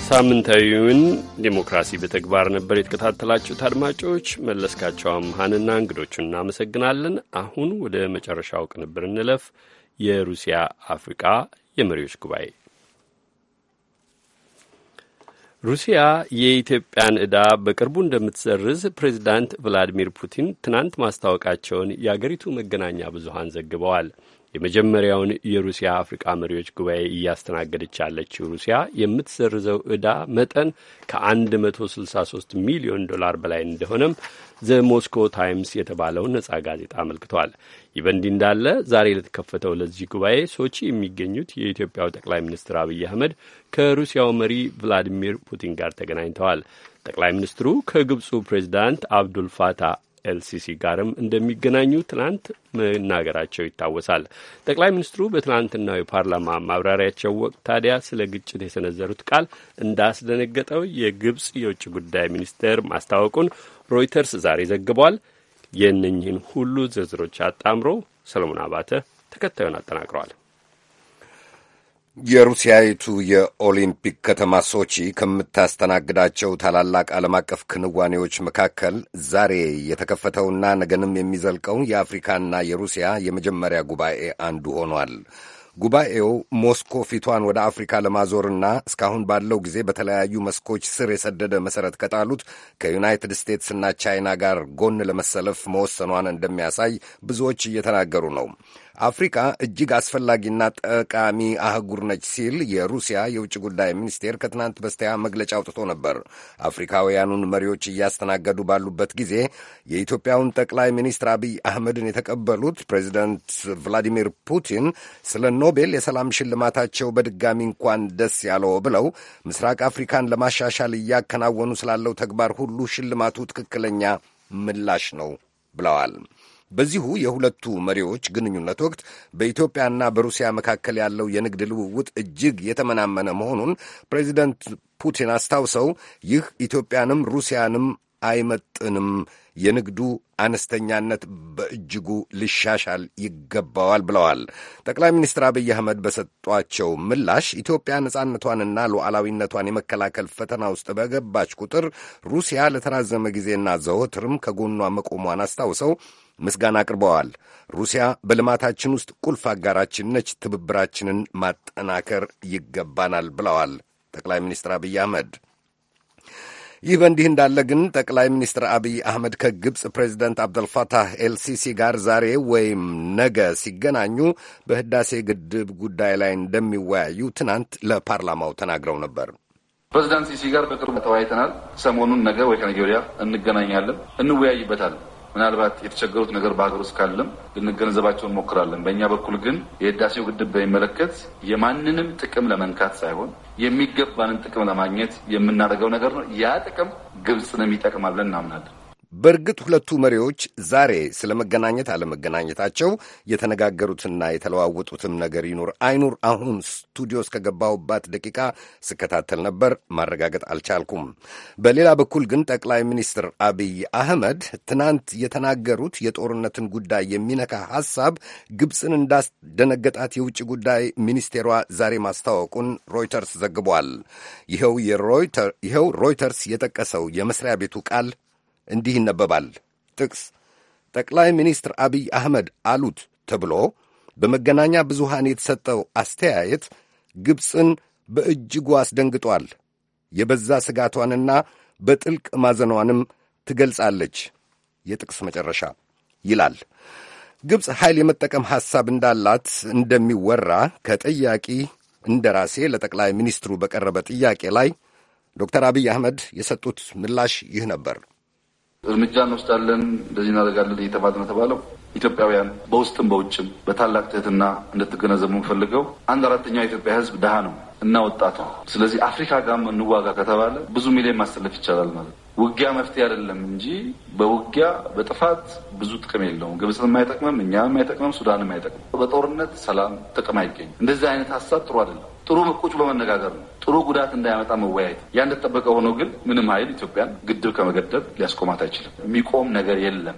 ሳምንታዊውን ዴሞክራሲ በተግባር ነበር የተከታተላችሁት አድማጮች። መለስካቸው አምሃንና እንግዶቹን እናመሰግናለን። አሁን ወደ መጨረሻው ቅንብር እንለፍ። የሩሲያ አፍሪቃ የመሪዎች ጉባኤ ሩሲያ የኢትዮጵያን ዕዳ በቅርቡ እንደምትሰርዝ ፕሬዚዳንት ቭላዲሚር ፑቲን ትናንት ማስታወቃቸውን የአገሪቱ መገናኛ ብዙሃን ዘግበዋል። የመጀመሪያውን የሩሲያ አፍሪቃ መሪዎች ጉባኤ እያስተናገደች ያለችው ሩሲያ የምትሰርዘው ዕዳ መጠን ከ163 ሚሊዮን ዶላር በላይ እንደሆነም ዘ ሞስኮ ታይምስ የተባለው ነጻ ጋዜጣ አመልክቷል። ይህ በእንዲህ እንዳለ ዛሬ ለተከፈተው ለዚህ ጉባኤ ሶቺ የሚገኙት የኢትዮጵያው ጠቅላይ ሚኒስትር አብይ አህመድ ከሩሲያው መሪ ቭላዲሚር ፑቲን ጋር ተገናኝተዋል። ጠቅላይ ሚኒስትሩ ከግብፁ ፕሬዚዳንት አብዱል ፋታህ ኤልሲሲ ጋርም እንደሚገናኙ ትናንት መናገራቸው ይታወሳል። ጠቅላይ ሚኒስትሩ በትናንትናው የፓርላማ ማብራሪያቸው ወቅት ታዲያ ስለ ግጭት የሰነዘሩት ቃል እንዳስደነገጠው የግብፅ የውጭ ጉዳይ ሚኒስቴር ማስታወቁን ሮይተርስ ዛሬ ዘግቧል። የእነኝህን ሁሉ ዝርዝሮች አጣምሮ ሰለሞን አባተ ተከታዩን አጠናቅረዋል። የሩሲያዊቱ የኦሊምፒክ ከተማ ሶቺ ከምታስተናግዳቸው ታላላቅ ዓለም አቀፍ ክንዋኔዎች መካከል ዛሬ የተከፈተውና ነገንም የሚዘልቀው የአፍሪካና የሩሲያ የመጀመሪያ ጉባኤ አንዱ ሆኗል። ጉባኤው ሞስኮ ፊቷን ወደ አፍሪካ ለማዞርና እስካሁን ባለው ጊዜ በተለያዩ መስኮች ስር የሰደደ መሠረት ከጣሉት ከዩናይትድ ስቴትስና ቻይና ጋር ጎን ለመሰለፍ መወሰኗን እንደሚያሳይ ብዙዎች እየተናገሩ ነው። አፍሪካ እጅግ አስፈላጊና ጠቃሚ አህጉር ነች ሲል የሩሲያ የውጭ ጉዳይ ሚኒስቴር ከትናንት በስቲያ መግለጫ አውጥቶ ነበር። አፍሪካውያኑን መሪዎች እያስተናገዱ ባሉበት ጊዜ የኢትዮጵያውን ጠቅላይ ሚኒስትር አብይ አህመድን የተቀበሉት ፕሬዚደንት ቭላዲሚር ፑቲን ስለ ኖቤል የሰላም ሽልማታቸው በድጋሚ እንኳን ደስ ያለው ብለው ምስራቅ አፍሪካን ለማሻሻል እያከናወኑ ስላለው ተግባር ሁሉ ሽልማቱ ትክክለኛ ምላሽ ነው ብለዋል። በዚሁ የሁለቱ መሪዎች ግንኙነት ወቅት በኢትዮጵያና በሩሲያ መካከል ያለው የንግድ ልውውጥ እጅግ የተመናመነ መሆኑን ፕሬዚደንት ፑቲን አስታውሰው ይህ ኢትዮጵያንም ሩሲያንም አይመጥንም፣ የንግዱ አነስተኛነት በእጅጉ ሊሻሻል ይገባዋል ብለዋል። ጠቅላይ ሚኒስትር አብይ አህመድ በሰጧቸው ምላሽ ኢትዮጵያ ነጻነቷንና ሉዓላዊነቷን የመከላከል ፈተና ውስጥ በገባች ቁጥር ሩሲያ ለተራዘመ ጊዜና ዘወትርም ከጎኗ መቆሟን አስታውሰው ምስጋና አቅርበዋል። ሩሲያ በልማታችን ውስጥ ቁልፍ አጋራችን ነች፣ ትብብራችንን ማጠናከር ይገባናል ብለዋል ጠቅላይ ሚኒስትር አብይ አህመድ። ይህ በእንዲህ እንዳለ ግን ጠቅላይ ሚኒስትር አብይ አህመድ ከግብፅ ፕሬዚደንት አብደልፋታህ ኤልሲሲ ጋር ዛሬ ወይም ነገ ሲገናኙ በህዳሴ ግድብ ጉዳይ ላይ እንደሚወያዩ ትናንት ለፓርላማው ተናግረው ነበር። ፕሬዚዳንት ሲሲ ጋር በቅርቡ ተወያይተናል። ሰሞኑን ነገ ወይ ከነገ ወዲያ እንገናኛለን፣ እንወያይበታለን። ምናልባት የተቸገሩት ነገር በሀገር ውስጥ ካለም ልንገነዘባቸው እንሞክራለን። በእኛ በኩል ግን የህዳሴው ግድብ በሚመለከት የማንንም ጥቅም ለመንካት ሳይሆን የሚገባንን ጥቅም ለማግኘት የምናደርገው ነገር ነው። ያ ጥቅም ግብፅንም ይጠቅማለን እናምናለን። በእርግጥ ሁለቱ መሪዎች ዛሬ ስለ መገናኘት አለመገናኘታቸው የተነጋገሩትና የተለዋወጡትም ነገር ይኑር አይኑር አሁን ስቱዲዮ እስከገባሁባት ደቂቃ ስከታተል ነበር፣ ማረጋገጥ አልቻልኩም። በሌላ በኩል ግን ጠቅላይ ሚኒስትር አብይ አህመድ ትናንት የተናገሩት የጦርነትን ጉዳይ የሚነካ ሐሳብ ግብፅን እንዳስደነገጣት የውጭ ጉዳይ ሚኒስቴሯ ዛሬ ማስታወቁን ሮይተርስ ዘግቧል። ይኸው ሮይተርስ የጠቀሰው የመስሪያ ቤቱ ቃል እንዲህ ይነበባል ጥቅስ ጠቅላይ ሚኒስትር አብይ አህመድ አሉት ተብሎ በመገናኛ ብዙሃን የተሰጠው አስተያየት ግብፅን በእጅጉ አስደንግጧል። የበዛ ስጋቷንና በጥልቅ ማዘኗንም ትገልጻለች። የጥቅስ መጨረሻ ይላል። ግብፅ ኃይል የመጠቀም ሐሳብ እንዳላት እንደሚወራ ከጠያቂ እንደራሴ ለጠቅላይ ሚኒስትሩ በቀረበ ጥያቄ ላይ ዶክተር አብይ አህመድ የሰጡት ምላሽ ይህ ነበር። እርምጃ እንወስዳለን፣ እንደዚህ እናደርጋለን እየተባለ ነው ተባለው። ኢትዮጵያውያን በውስጥም በውጭም በታላቅ ትህትና እንድትገነዘቡ የምፈልገው አንድ አራተኛው የኢትዮጵያ ሕዝብ ድሃ ነው እና ወጣት ነው። ስለዚህ አፍሪካ ጋር እንዋጋ ከተባለ ብዙ ሚሊዮን ማሰለፍ ይቻላል ማለት ነው። ውጊያ መፍትሄ አይደለም እንጂ በውጊያ በጥፋት ብዙ ጥቅም የለውም። ግብፅንም የማይጠቅመም እኛም የማይጠቅመም ሱዳንም አይጠቅምም። በጦርነት ሰላም ጥቅም አይገኝም። እንደዚህ አይነት ሀሳብ ጥሩ አይደለም። ጥሩ መቆጭ በመነጋገር ነው። ጥሩ ጉዳት እንዳያመጣ መወያየት። ያ እንደተጠበቀ ሆኖ ግን ምንም ኃይል ኢትዮጵያን ግድብ ከመገደብ ሊያስቆማት አይችልም። የሚቆም ነገር የለም።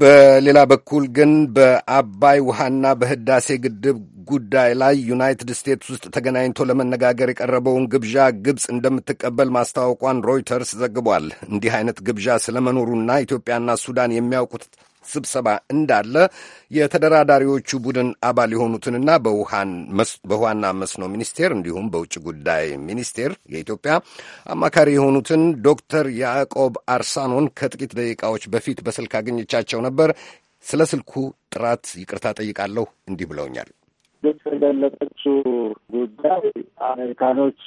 በሌላ በኩል ግን በአባይ ውሃና በህዳሴ ግድብ ጉዳይ ላይ ዩናይትድ ስቴትስ ውስጥ ተገናኝቶ ለመነጋገር የቀረበውን ግብዣ ግብፅ እንደምትቀበል ማስታወቋን ሮይተርስ ዘግቧል። እንዲህ አይነት ግብዣ ስለመኖሩና ኢትዮጵያና ሱዳን የሚያውቁት ስብሰባ እንዳለ የተደራዳሪዎቹ ቡድን አባል የሆኑትንና በውሃና መስኖ ሚኒስቴር እንዲሁም በውጭ ጉዳይ ሚኒስቴር የኢትዮጵያ አማካሪ የሆኑትን ዶክተር ያዕቆብ አርሳኖን ከጥቂት ደቂቃዎች በፊት በስልክ አገኘቻቸው ነበር። ስለ ስልኩ ጥራት ይቅርታ ጠይቃለሁ። እንዲህ ብለውኛል። ግብጽ የገለጠችው ጉዳይ አሜሪካኖች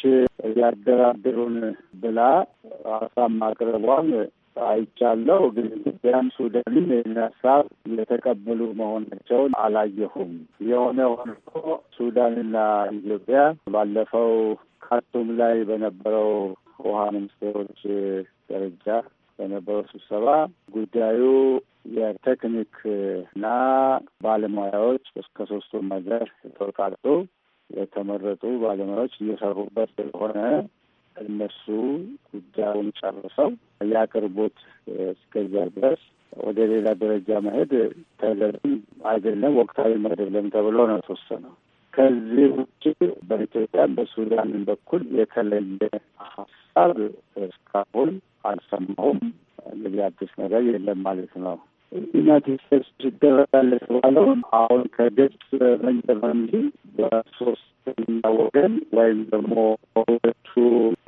ያደራድሩን ብላ ሀሳብ ማቅረቧን አይቻለው ግን ቢያንስ ሱዳንን ሀሳብ የተቀበሉ መሆናቸውን አላየሁም። የሆነ ሆኖ ሱዳንና ኢትዮጵያ ባለፈው ካርቱም ላይ በነበረው ውሃ ሚኒስቴሮች ደረጃ በነበረው ስብሰባ ጉዳዩ የቴክኒክ እና ባለሙያዎች እስከ ሶስቱም ሀገር ተወቃቅጡ የተመረጡ ባለሙያዎች እየሰሩበት ስለሆነ እነሱ ጉዳዩን ጨርሰው ያቅርቡት። እስከዚያ ድረስ ወደ ሌላ ደረጃ መሄድ ተገቢም አይደለም፣ ወቅታዊም አይደለም ተብሎ ነው የተወሰነው። ከዚህ ውጭ በኢትዮጵያ በሱዳን በኩል የተለየ ሀሳብ እስካሁን አልሰማሁም። እንግዲህ አዲስ ነገር የለም ማለት ነው። ዩናይትድ ስቴትስ ይደረጋል የተባለውን አሁን ከግብጽ መንጀመር እንጂ በሶስት ወገን ወይም ደግሞ በሁለቱ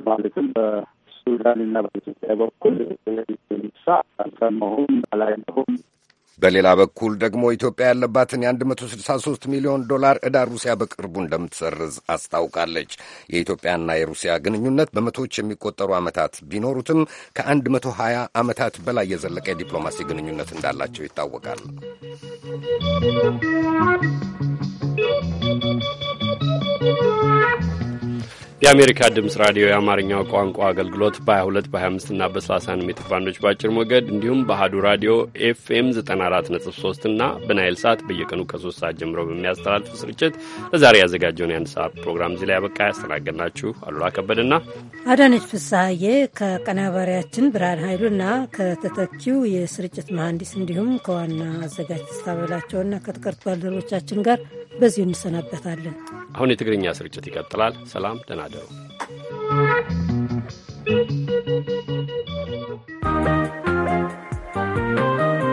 ማለትም በሱዳንና በኢትዮጵያ በኩል የሚሳ አልሰማሁም አላየሁም። በሌላ በኩል ደግሞ ኢትዮጵያ ያለባትን የ163 ሚሊዮን ዶላር ዕዳ ሩሲያ በቅርቡ እንደምትሰርዝ አስታውቃለች። የኢትዮጵያና የሩሲያ ግንኙነት በመቶዎች የሚቆጠሩ ዓመታት ቢኖሩትም ከ መቶ ዓመታት በላይ የዘለቀ የዲፕሎማሲ ግንኙነት እንዳላቸው ይታወቃል። የአሜሪካ ድምፅ ራዲዮ የአማርኛው ቋንቋ አገልግሎት በ22 በ25 እና በ31 ሜትር ባንዶች በአጭር ሞገድ እንዲሁም በአሀዱ ራዲዮ ኤፍኤም 94.3 እና በናይል ሰዓት በየቀኑ ከ3 ሰዓት ጀምሮ በሚያስተላልፍ ስርጭት ለዛሬ ያዘጋጀውን የአንድ ሰዓት ፕሮግራም እዚህ ላይ ያበቃ። ያስተናገድናችሁ አሉላ ከበድና አዳነች ፍስሐዬ ከቀናባሪያችን ብርሃን ኃይሉና ከተተኪው የስርጭት መሐንዲስ እንዲሁም ከዋና አዘጋጅ ተስታበላቸውና ከተቀርቱ ባልደረቦቻችን ጋር በዚሁ እንሰናበታለን። አሁን የትግርኛ ስርጭት ይቀጥላል። ሰላም ደና አደሩ። Thank you.